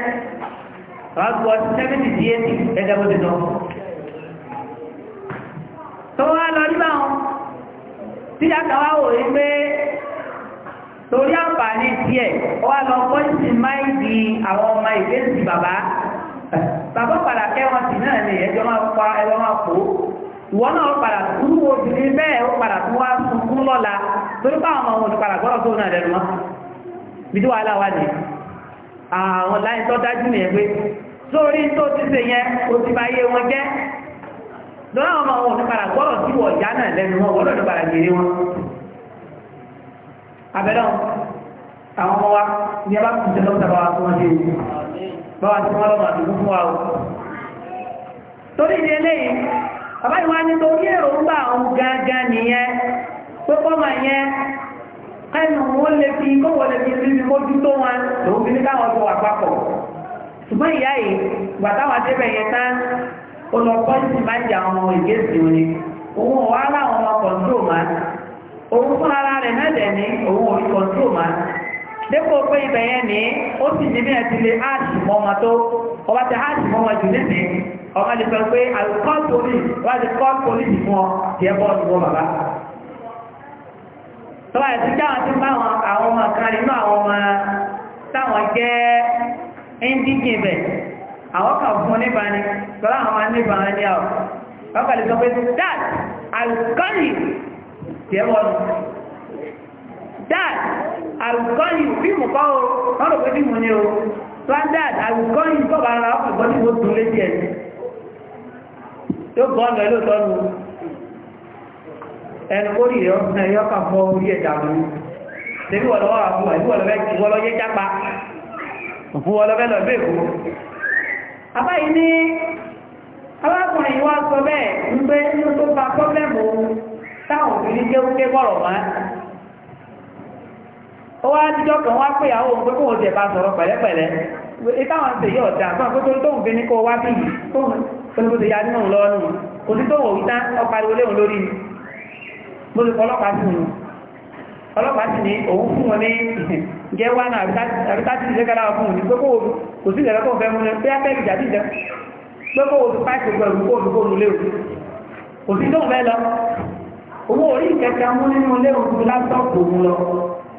bàbá tó wọ sẹ́fẹ̀tì sí èsì ẹ̀dá bó ti lọ. tó wá lọ nígbà wọn tí yàtọ̀ wá wò rí pé torí àǹfààní tiẹ̀ ó wá lọ pọ́ìsì máìdì àwọn ọmọ ìgbésì bàbá bàbá padà fẹ́ wọn sì náà ni ẹjọ́ máa pa ẹwọ́n máa pò ó ìwọ náà padà kúrú obìnrin bẹ́ẹ̀ ó padà tún wá sunkún lọ́la torí báwọn ọmọ òun padà gbọ́dọ̀ tó náà lẹ́nu mọ́ bíi wàhálà wà ní àwọn láyé tó dájú nìyẹn pé sórí tó ti ṣe yẹn o ti bá yé wọn jẹ́ lọ́nà ọmọ òun padà gbọ́dọ̀ sí wọ̀ ìyá náà lẹ́nu wọn wọ́n lọ́dọ̀ padà gbèrè wọn abẹ́lẹ́ àwọn ọmọ wa ní ẹ bá kùn jẹ́ lọ́sàbà wa tó wọ́n dé báwa tí wọ́n lọ́mọ àdúgbò torí ìdí eléyìí bàbá ìwà ni torí èròǹgbà òun nìyẹn yẹn ẹnu wọn lè fi kówó lè fi ríbi mójútó wọn lòun fi ní káwọn tó wà ṣùgbọ́n ìyá yìí gbàtàwà débẹ̀ yẹn tán ti jà ọmọ dépò pé ibẹ̀ yẹn ní ó sì ní bí ẹ lè áàṣì mọ́ ọmọ tó ọba ti áàṣì mọ́ ọmọ jù nísìnyí ọmọ lè sọ pé àlùkọ́ poli wọ́n ti kọ́ poli yìí fún ọ tí ẹ bọ́ ọdún bàbá. tọ́wọ́ ẹ̀ ti jẹ́ tí bá àwọn ọmọ kan nínú àwọn ọmọ táwọn jẹ́ bẹ̀ àwọn kan fún nípa ni tọ́lá àwọn máa nípa wọn ní dad i will call you fíìmù kọ́ o wọ́n rò pé o so i will call you bọ́ọ̀bà ara ọkọ̀ ìbọn mo dùn létí ẹ̀ yóò bọ́ ọ̀nà lóòótọ́ nu ẹnu orí rẹ̀ ọ̀nà ẹ̀yọ́ kan fọ orí ẹ̀ dàbí tẹ̀bí wọ̀ lọ́wọ́ àbúrò alákùnrin wa sọ bẹ́ẹ̀ ń gbé tó bá pọ́blẹ́mù táwọn òfin jẹ́ ń máa ó wá díjọ́ kan wá pé àwọn òun pé kóhun tẹ̀ bá sọ̀rọ̀ pẹ̀lẹ́pẹ̀lẹ́ ìtàwọn ṣe yóò dá fi ní kó wá bí ya nínú lọ́nu kò sí lórí sí òun fún wọn ní náà mú ní pé ìjàdí ìjẹ́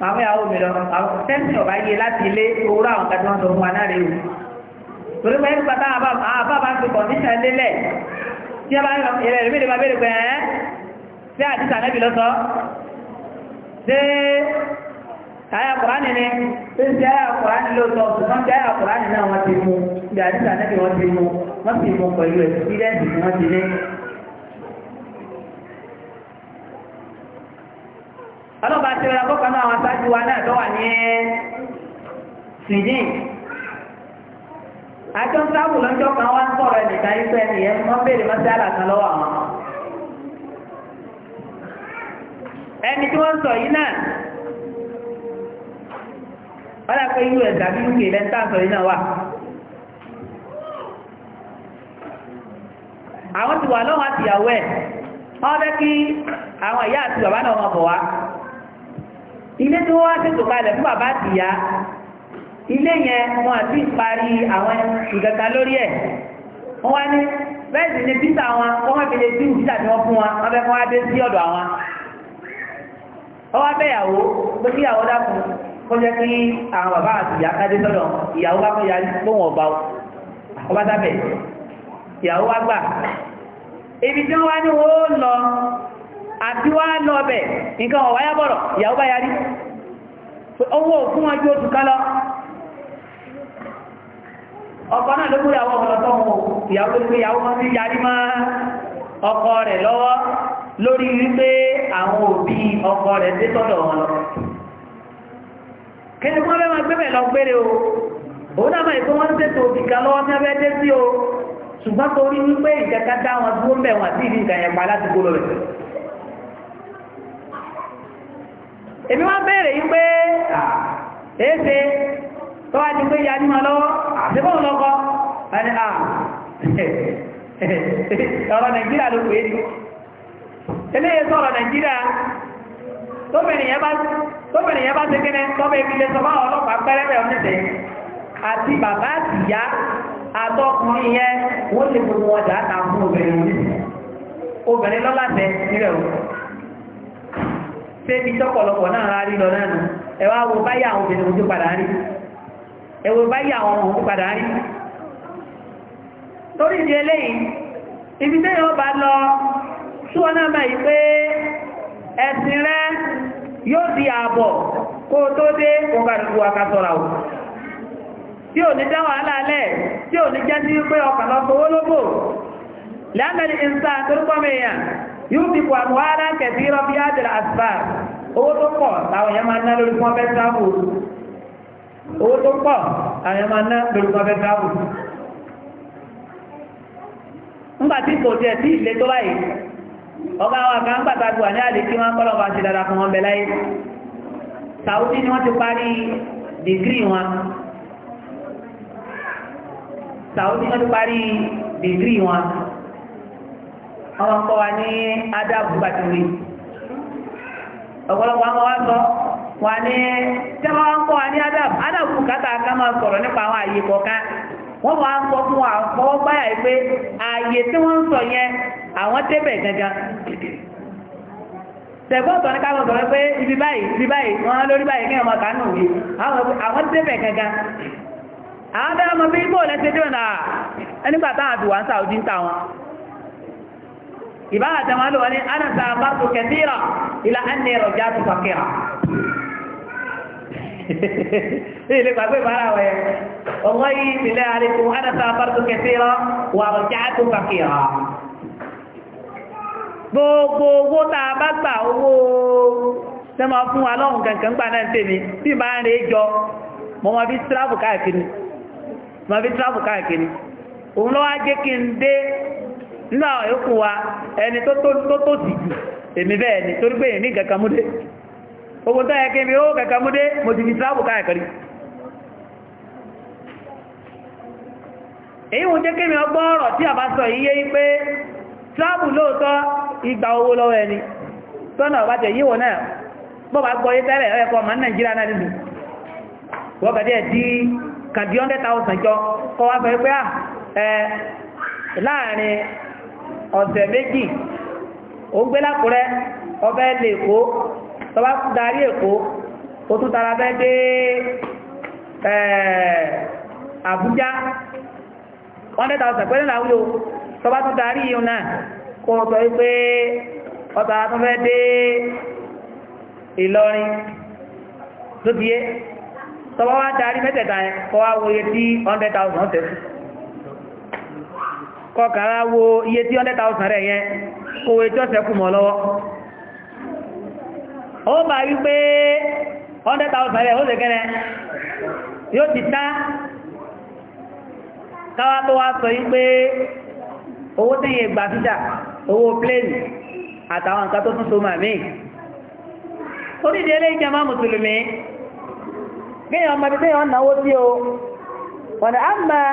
màmú ìyàwó mi lọ àwọn tẹ́sí ọ̀bá yé láti ilé owóró àwọn kẹta wọn tó fún wa náà rèé o torí pé nípa táwọn àbá bá fi kọ̀ǹdíṣàn lélẹ̀ tí a bá ń lọ ilẹ̀ rẹ̀ mílẹ̀ bá béèrè pé ẹ́ sí àdìsá nẹ́bí lọ́sọ ṣé àyà kùránì ni ṣé ń ṣe àyà kùránì lóòótọ́ ṣùgbọ́n ṣe àyà kùránì náà wọ́n ti mú ìdí àdìsá nẹ́bí wọ́n ti mú wọ́n ti mú pẹ̀lú ẹ̀ ọlọ́ba ti rẹ̀ bọ́kàn náà àwọn aṣáájú wa náà tó wà ní Sweden àjọ sáwù lọ́jọ́ kan wá ń sọ̀rọ̀ ẹnìkan ìfẹ́ nìyẹn wọ́n béèrè mọ́sí àlàkan lọ́wọ́ àwọn ẹni tí wọ́n sọ yìí náà wọ́n dàpẹ́ us àbí uk lẹ́ńtà sọ yìí náà wà àwọn ti wà lọ́wọ́ àtìyàwó ẹ̀ wọ́n fẹ́ kí àwọn ìyá àti bàbá náà wọ́n wá. ilé tí wọ́n wá ṣètò kalẹ̀ fún bàbá àtìyá ilé yẹn wọn àti parí àwọn ìgàgà lórí ẹ̀ wọ́n wá ní ni bíta wọn wọ́n wá fèlè sí ìbíta tí wọ́n fún wọn wọ́n fẹ́ fún wá dé sí ọ̀dọ̀ àwọn wọ́n wá pé kí ìyàwó dákun kó jẹ́ kí àwọn bàbá ká dé sọ́dọ̀ ìyàwó bá ọba sábẹ̀ ìyàwó wá gbà tí wọ́n wá ní lọ àti wá lọ ọbẹ̀ nǹkan ọ̀wá yá bọ̀rọ̀ ìyàwó bá yarí owó fún wọn tí ó tùká lọ ọkọ náà ló múra àwọn ọ̀rọ̀ ìyàwó tó ìyàwó wọn sí yarí máa ọkọ rẹ̀ lọ́wọ́ lórí wípé àwọn òbí ọkọ rẹ̀ dé tọ́lọ̀ wọn lọ kẹ́ni fún abẹ́ máa gbé bẹ̀ lọ gbére o òun náà máa ìfowó lọ́wọ́ ní èmi wá bèèrè yí pé èése tó wá ti pé ya nímọ̀ lọ́wọ́ àṣẹ́bọ̀n lọ́kọ́ ẹni à ọ̀rọ̀ nàìjíríà ló pè é ní eléyè sọ̀rọ̀ nàìjíríà tóbìnrin yẹn bá ṣe kíni tọ́bẹ̀ ìpínlẹ̀ sọ́bà ọlọ́pàá pẹ́rẹ́rẹ́ ọ̀nìtẹ̀ àti bàbá àtìyá àtọkùnrin yẹn wọ́n lè gbogbo ọjà àtàkùn obìnrin obìnrin lọ́lá sébi tọ́pọ̀lọpọ̀ náà rárí lọ náà ẹwà wo báyà àwọn obìnrin padà rí ẹwà báyà àwọn ọmọ padà rí torí ìdí ibi tẹ́yìn ọba lọ tí na náà máa yí pé ẹ̀sìn rẹ yóò di ààbọ̀ kó tó dé kọkàrùkù akásọ́ra o tí ò ní wàhálà alẹ́ tí ò ní jẹ́ sí pé ọkàn lóbò yóò ti kọ àwọn ará kẹsí rọbí àdìrà àsìbá owó tó pọ̀ làwọn yẹn máa ná lórí fún ọbẹ̀ táàbù owó tó pọ̀ làwọn yẹn máa ná lórí fún ọbẹ̀ táàbù. ńgbà tí kò tiẹ̀ sí ìlé tó báyìí ọba wa kan gbàgbà gbà ní àlè kí wọ́n kọ́ lọ́wọ́ àti dada fún wọn bẹ̀ láyé sàwùdí ni wọ́n ti parí dìgírì wọn sàwùdí ni wọ́n ti parí dìgírì wọn. àwọn ọkọ wa ní adáàbò gbàtìrì ọ̀pọ̀lọpọ̀ àwọn wa sọ wà ní tẹ́wọ́ wọ́n kọ́ wa ní adáàbò adáàbò kàtà ká máa sọ̀rọ̀ nípa àwọn àyè kọ̀ọ̀kan wọ́n máa ń sọ fún àwọn báyà pé àyè tí wọ́n ń sọ yẹn àwọn débẹ̀ gangan tẹ̀gbọ́n ní ibi ibi ìbára tẹ̀ máa lò wọ́n ní anasa abartu kẹsíra ilà ẹni rọjá tó fàkìrà ilé gbàgbé ìbára wẹ̀ ọ̀gbọ́n yìí ìpìlẹ̀ àlekò anasa abartu kẹsíra wà rọjá tó fàkìrà gbogbo owó tá a bá gbà owó tẹ́ máa fún wa lọ́hùn kankan gbà náà tèmi bí bá ń rèé jọ mo máa fi tíráàbù káàkiri mo fi tíráàbù káàkiri òun lọ́wọ́ á jẹ́ kí n dé nínú àwọn ìyókù wa ẹni tó tó sì jù èmi bẹ́ẹ̀ ni torí pé èmi kẹkàmúdé ogun tó ẹ̀kẹ́ mi ó kẹkàmúdé mo ti fi sáàbù káàkiri èyí wọ́n jẹ́ kémi ọgbọ́n ọ̀rọ̀ tí a bá sọ iye pé sáàbù lóòtọ́ ìgbà owó lọ́wọ́ ẹni tọ́nà na ah, láàrin ọ̀sẹ̀ méjì ó gbé lákùrẹ́ ọbẹ̀ lè kó tọba darí èkó ó tún tara bẹ́ dé eh, Àbújá 100,000 pẹ́lú làwúlò tọba tún darí yíò náà kó sọ wípé ọta tún fẹ́ dé Ìlọrin tó ti yé tọba wá darí mẹ́tẹ̀ẹ̀ta kọ́ wá wòye tí 100,000 tẹ̀sí kọkàrá wo iye tí 100,000 rẹ̀ yẹn kòwé tí ó sẹ́kù mọ́ lọ́wọ́ ó bá rí pé 100,000 rẹ̀ ó sẹ́kẹ́rẹ́ yóò ti tá káwá tó wá sọ yí pé owó tí yẹ gbà fíjà owó pléènì àtàwọn nǹkan tó tún so mà míì orílẹ̀ ilé ìjẹmá mùsùlùmí gbíyàn ọmọdé tí náwó sí o wọ̀nà á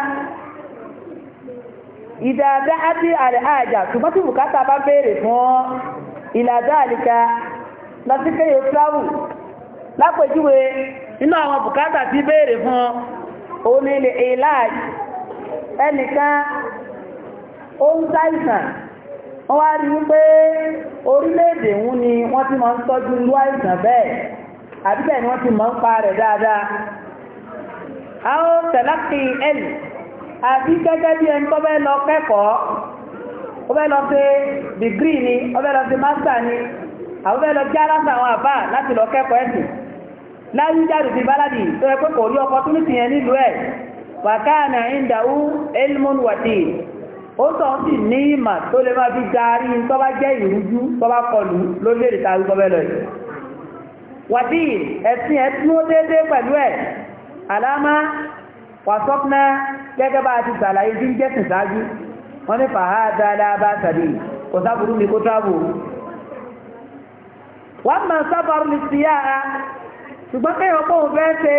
ìdáadá ati àjà ṣùgbọ́n tí bukata bá béèrè fún ìlàdá àlìkà lọ́síkẹ́yẹ fúláwù lápèjúwe nínú àwọn bùkátà tí béèrè fún òun ilẹ̀ ìlàj ẹnìkan ó ń ṣàìsàn wọ́n wá rí wípé orílẹ̀-èdè ń ni wọ́n ti máa ń tọ́jú irú àìsàn bẹ́ẹ̀ àbíbẹ̀ ni ti ń pa rẹ̀ dáadáa àwọn ẹ̀lì àbí gẹ́gẹ́ bí ẹni tó bẹ́ lọ kẹ́kọ̀ọ́ ó bẹ́ lọ ṣe dìgírì ni ó bẹ́ lọ mástà ni àwọn bẹ́ lọ jẹ́ aláṣà àwọn àbá láti lọ kẹ́kọ̀ọ́ ẹ̀sìn láyé jáde fi báládì tó yẹ pé kò rí opportunity yẹn nílùú ẹ̀ wàkáànà ìdàwú elmon wàdí ó sọ sí ní ìmà tó lè máa fi darí tó bá jẹ́ ìrújú tó bá kọlù lórílẹ̀-èdè tàbí gọ́bẹ̀ lọ yìí wàdí ẹ̀sìn ẹ̀tún ó déédéé pẹ̀lú ẹ̀ àlámá wàsọ́pná gẹ́gẹ́ bá ti sàlàyé tí ń jẹ́ tìsáájú wọ́n ní fàáàdá aláàbá sàbí kò sáburú ní kó tábù wọ́n mọ̀ sábàrú ní sí yára ṣùgbọ́n kéèyàn kó ń fẹ́ ṣe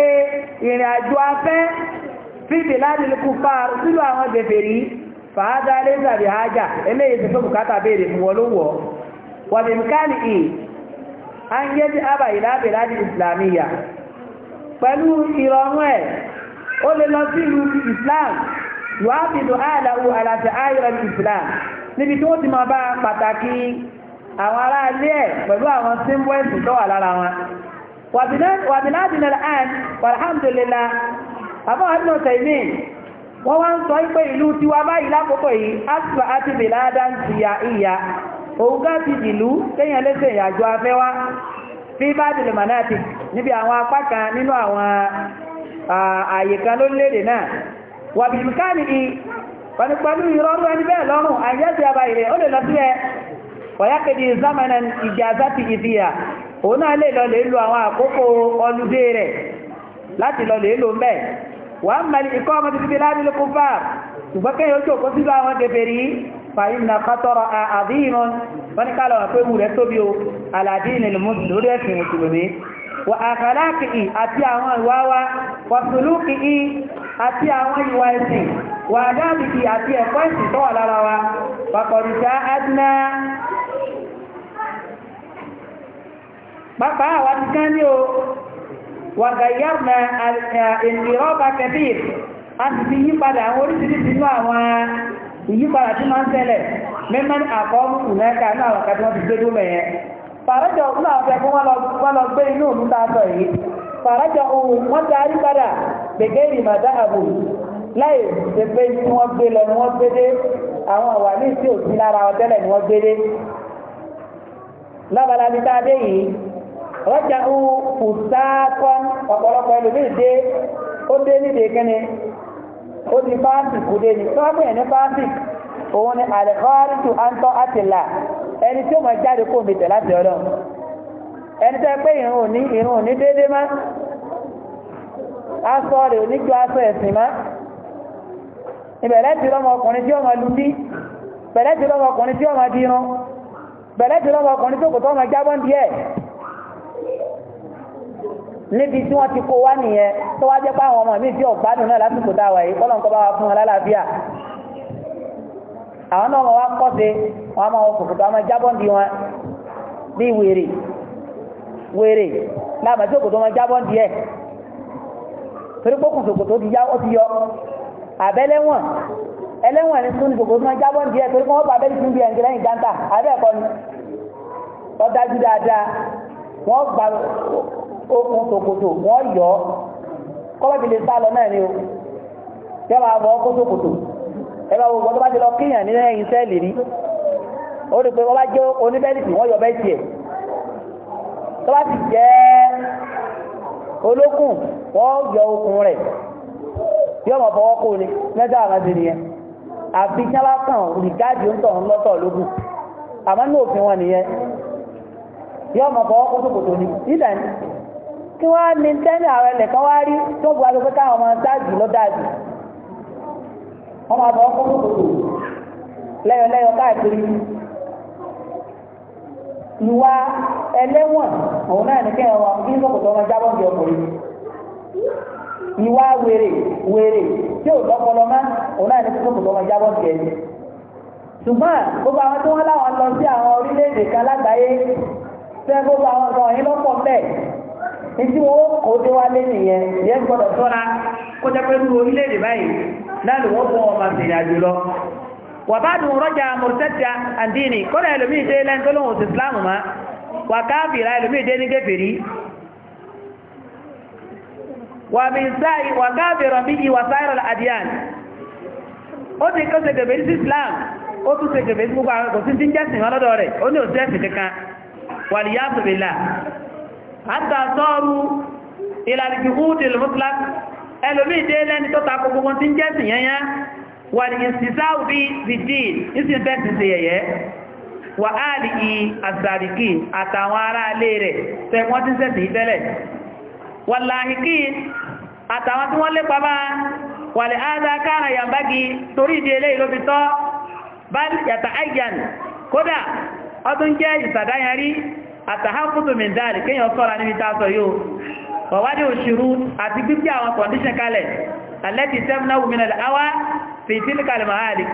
ìrìn àjò afẹ́ fífi láti lukú fa sílùú àwọn gbèfèrí fàáàdá aléṣà bí hájà eléyìí sì tó bùkátà ó lè lọ sí ìlú Islam yuhafidu ahlahu ala sha'airil Islam níbi tí wọ́n ti máa bá pàtàkì àwọn ará ẹ̀ pẹ̀lú àwọn símbọ́ ẹ̀sìn tó wà lára wọn wàbínádìnà àn alhamdulillah àbọ̀ àdínà tẹ̀mí wọ́n wá ń sọ pé ìlú tiwa báyìí lákòókò yìí asùpà àti bèládà ń ti ya ìyá òun ká ti ìlú kéèyàn lẹ́sẹ̀ ìyàjọ afẹ́wá fi bá dìlẹ̀mọ̀ náà ti níbi àwọn apá kan nínú àwọn ààyè kan lórílẹ̀-èdè náà wàbí ìmìkáàlì ni pẹ̀lú ìrọ̀rù ẹni bẹ́ẹ̀ lọ́rùn àyẹ́sì àbáyìrẹ̀ ó lè lọ sílẹ̀ wọ̀yákèdè zamana ìjàzáti ìdíyà òun náà lè lọ lè lo àwọn àkókò ọlúdé rẹ̀ láti lọ lè lò mẹ́ wọ́n mẹ́lì ikọ́ ọmọ títí bí láàrín lókún fà ṣùgbọ́n kéyàn ó jòkó sílọ àwọn kèfèrí fàyín na kọ́tọ́rọ àdínrún wọ́n ní kálọ̀ pé wù rẹ̀ tóbi o aládínlẹ̀ lórí ẹ̀sìn mùsùlùmí wa àkàlákìí àti àwọn ìwà wa wa sùlúkìí àti àwọn ìwà ẹ̀sìn wa àdábìkì àti ẹ̀kọ́ ẹ̀sìn tó wà lára wa pàkọ̀rìṣà adná pápá àwa ti kán ní o wa gàyàmà ìrọ́bà kẹfíìr a ti fi yípadà àwọn oríṣiríṣi inú àwọn ìyípadà tí máa ń ṣẹlẹ̀ mẹ́mẹ́rin àkọ́ mùsùlùmí ẹ̀ka náà àwọn kàtí fàrájà náà fẹ́ wọ́n lọ gbé inú òun tá sọ yìí fàrájà ohun wọ́n darí padà gbègbè ìmàdá àbò láì ṣe pé tí wọ́n gbé lọ ni wọ́n gbé dé àwọn àwà ní ìsí òsì lára wọn tẹ́lẹ̀ ni wọ́n gbé dé lábala ní yìí rọ́jà sáàkọ́ ọ̀pọ̀lọpọ̀ ẹlòmíì dé ó dé ó ẹni tí ó máa jáde kó omi tẹ̀ láti ọlọ́run ẹni tẹ́ pé ìrun òní ìrun òní déédé má aṣọ rẹ̀ òní ju aṣọ ẹ̀sìn má ìbẹ̀lẹ́ ti lọ́mọ ọkùnrin tí ó máa lu bí bẹ̀lẹ́ ti lọ́mọ ọkùnrin tí ó máa di irun bẹ̀lẹ́ ti lọ́mọ ọkùnrin tó kò tó máa jábọ́ díẹ̀ níbi tí wọ́n ti kó wá nìyẹn tó wá jẹ́ pé àwọn ọmọ mi ti ọ̀gbádùn náà lásìkò dáwà yìí kọ́lọ́nkọ́ bá wa fún wọn lálàáfíà àwọn náà máa wọ́n jábọ́ di wọn bí wèrè wèrè láàmà tí òkòtò wọn jábọ́ di ẹ̀ ti yá ó ti yọ àbẹ́lẹ́wọ̀n ẹlẹ́wọ̀n ní ní kòkòtò wọn jábọ́ di ẹ̀ torí kọ́ bá abẹ́lẹ́ tún bí ẹ̀ lẹ́yìn gáńtà abẹ́ẹ̀kọ́ ni wọ́n dájú dáadáa wọ́n gba okùn sòkòtò wọ́n yọ ẹgbà gbogbo tó bá ti lọ kíyàn ní ẹ̀yìn sẹ́ẹ̀lì rí ó rí pé wọ́n bá jẹ́ oníbẹ́ẹ̀tì wọ́n yọ bẹ́ẹ̀tì ẹ̀ tó bá sì jẹ́ olókùn wọ́n yọ okùn rẹ̀ tí ọmọ fọwọ́ kó ni mẹ́ta àwọn ti nìyẹn àfi tí wọ́n bá kàn rìgáàdì ń tọ̀ ń lọ́tọ̀ lókùn àmọ́ ní òfin wọn nìyẹn tí ọmọ fọwọ́ kó tó kòtò ní ni kí wọ́n á ní tẹ́lẹ̀ àwọn ẹlẹ́kan wá rí tó gba lókè wọ́n máa ọkọ̀ kòkòrò lẹ́yọlẹ́yọ káàkiri ìwà ẹlẹ́wọ̀n òun náà ní kẹ́hìn wọn kí sọ̀kòtò ọmọ jábọ̀ ní ọkùnrin ìwà wèrè wèrè tí ò lọ́pọlọ mọ́ òun náà ní kí ọmọ jábọ̀ ẹni ṣùgbọ́n gbogbo àwọn tí wọ́n láwọn lọ sí àwọn orílẹ̀-èdè kan lágbàáyé fẹ́ gbogbo àwọn lọ́pọ̀ mẹ́ nìyẹn gbọ́dọ̀ kó jẹ́ pé ní orílẹ̀-èdè báyìí náà ni wọ́n fún ọmọ àtìrìn àjò lọ wà bá dùn rọ́jà mọ̀rọ̀tẹ́tà àndínì kọ́lá ẹlòmíì dé lẹ́nu tó lóhùn ìsìláàmù mọ́ wà káàbìrà ẹlòmíì dé ní gẹ́fẹ̀rí wà mìíràn wà káàbìrà bí i wà sáírà àdìyàn ó ti kọ́ sẹ̀gẹ̀fẹ̀ sí islam ó tún sẹ̀gẹ̀fẹ̀ sí gbogbo àwọn kò sí ti ń jẹ́sìn wọn lọ́dọ̀ rẹ̀ ó ní òṣìṣẹ́ kankan wà ní yàtọ̀ ẹlòmíì dé lẹ́ni tó takò gbogbo tí ń jẹ́ sí wà ní ìsìsáwò bí virgin ìsìn fẹ́sì sí ẹ̀yẹ́ wà áàlì ì àzàríkì àtàwọn ará alé rẹ̀ tẹ́ wọ́n ti sẹ́sì ìtẹ́lẹ̀ wà láhìkì àtàwọn tí wọ́n lé wà lè áàdá kára yàmbági torí ìdí ilé ìlú fi tọ́ bá yàtà wàwádìí òṣìrú àti gbígbé àwọn kọ̀ndíṣẹ̀ kalẹ̀ alẹ́tì sẹ́mùnáwù mìíràn àwá fìtílì kalẹ̀ mahali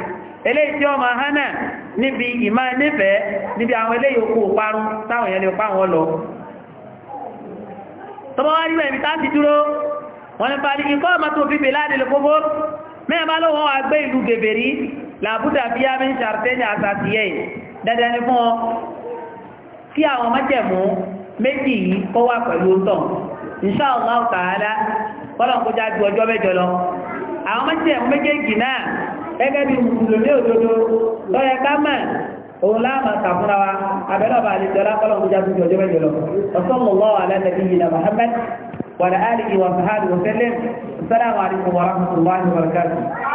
eléyìí tí ó ma hánà níbi ìmá nífẹ̀ẹ́ níbi àwọn eléyìí okú parun táwọn èèyàn lè pa wọn lọ tọ́bọ́ wá rí ẹ̀mí táti dúró wọn ni parí ikọ́ ọmọtò fífẹ́ láàrin lè kókó mẹ́ẹ̀bá ló wọ́n àgbé ìlú bèbèrí làbúdà bí yámi ń ṣàrtẹ́ ní àsàtìyẹ́ dandan ni fún ọ kí àwọn mọ́jẹ̀mú méjì yìí kó pẹ̀lú tọ̀ insha Allah ta'ala kọ́lọ̀ kó já ju ọjọ́ mẹ́jọ lọ àwọn mẹ́jẹ̀mú méjèèjì náà gẹ́gẹ́ bí mùsùlùmí òdodo tó yẹ ká mọ̀ òun láàmà sàfúnra wa abẹ́lẹ́ ọba àlejò alákọ́lọ̀ kó já ju ọjọ́ mẹ́jọ lọ sallallahu ala nabiyyina Muhammad wa ala alihi wa sahbihi wa sallam assalamu alaikum wa rahmatullahi wa barakatuh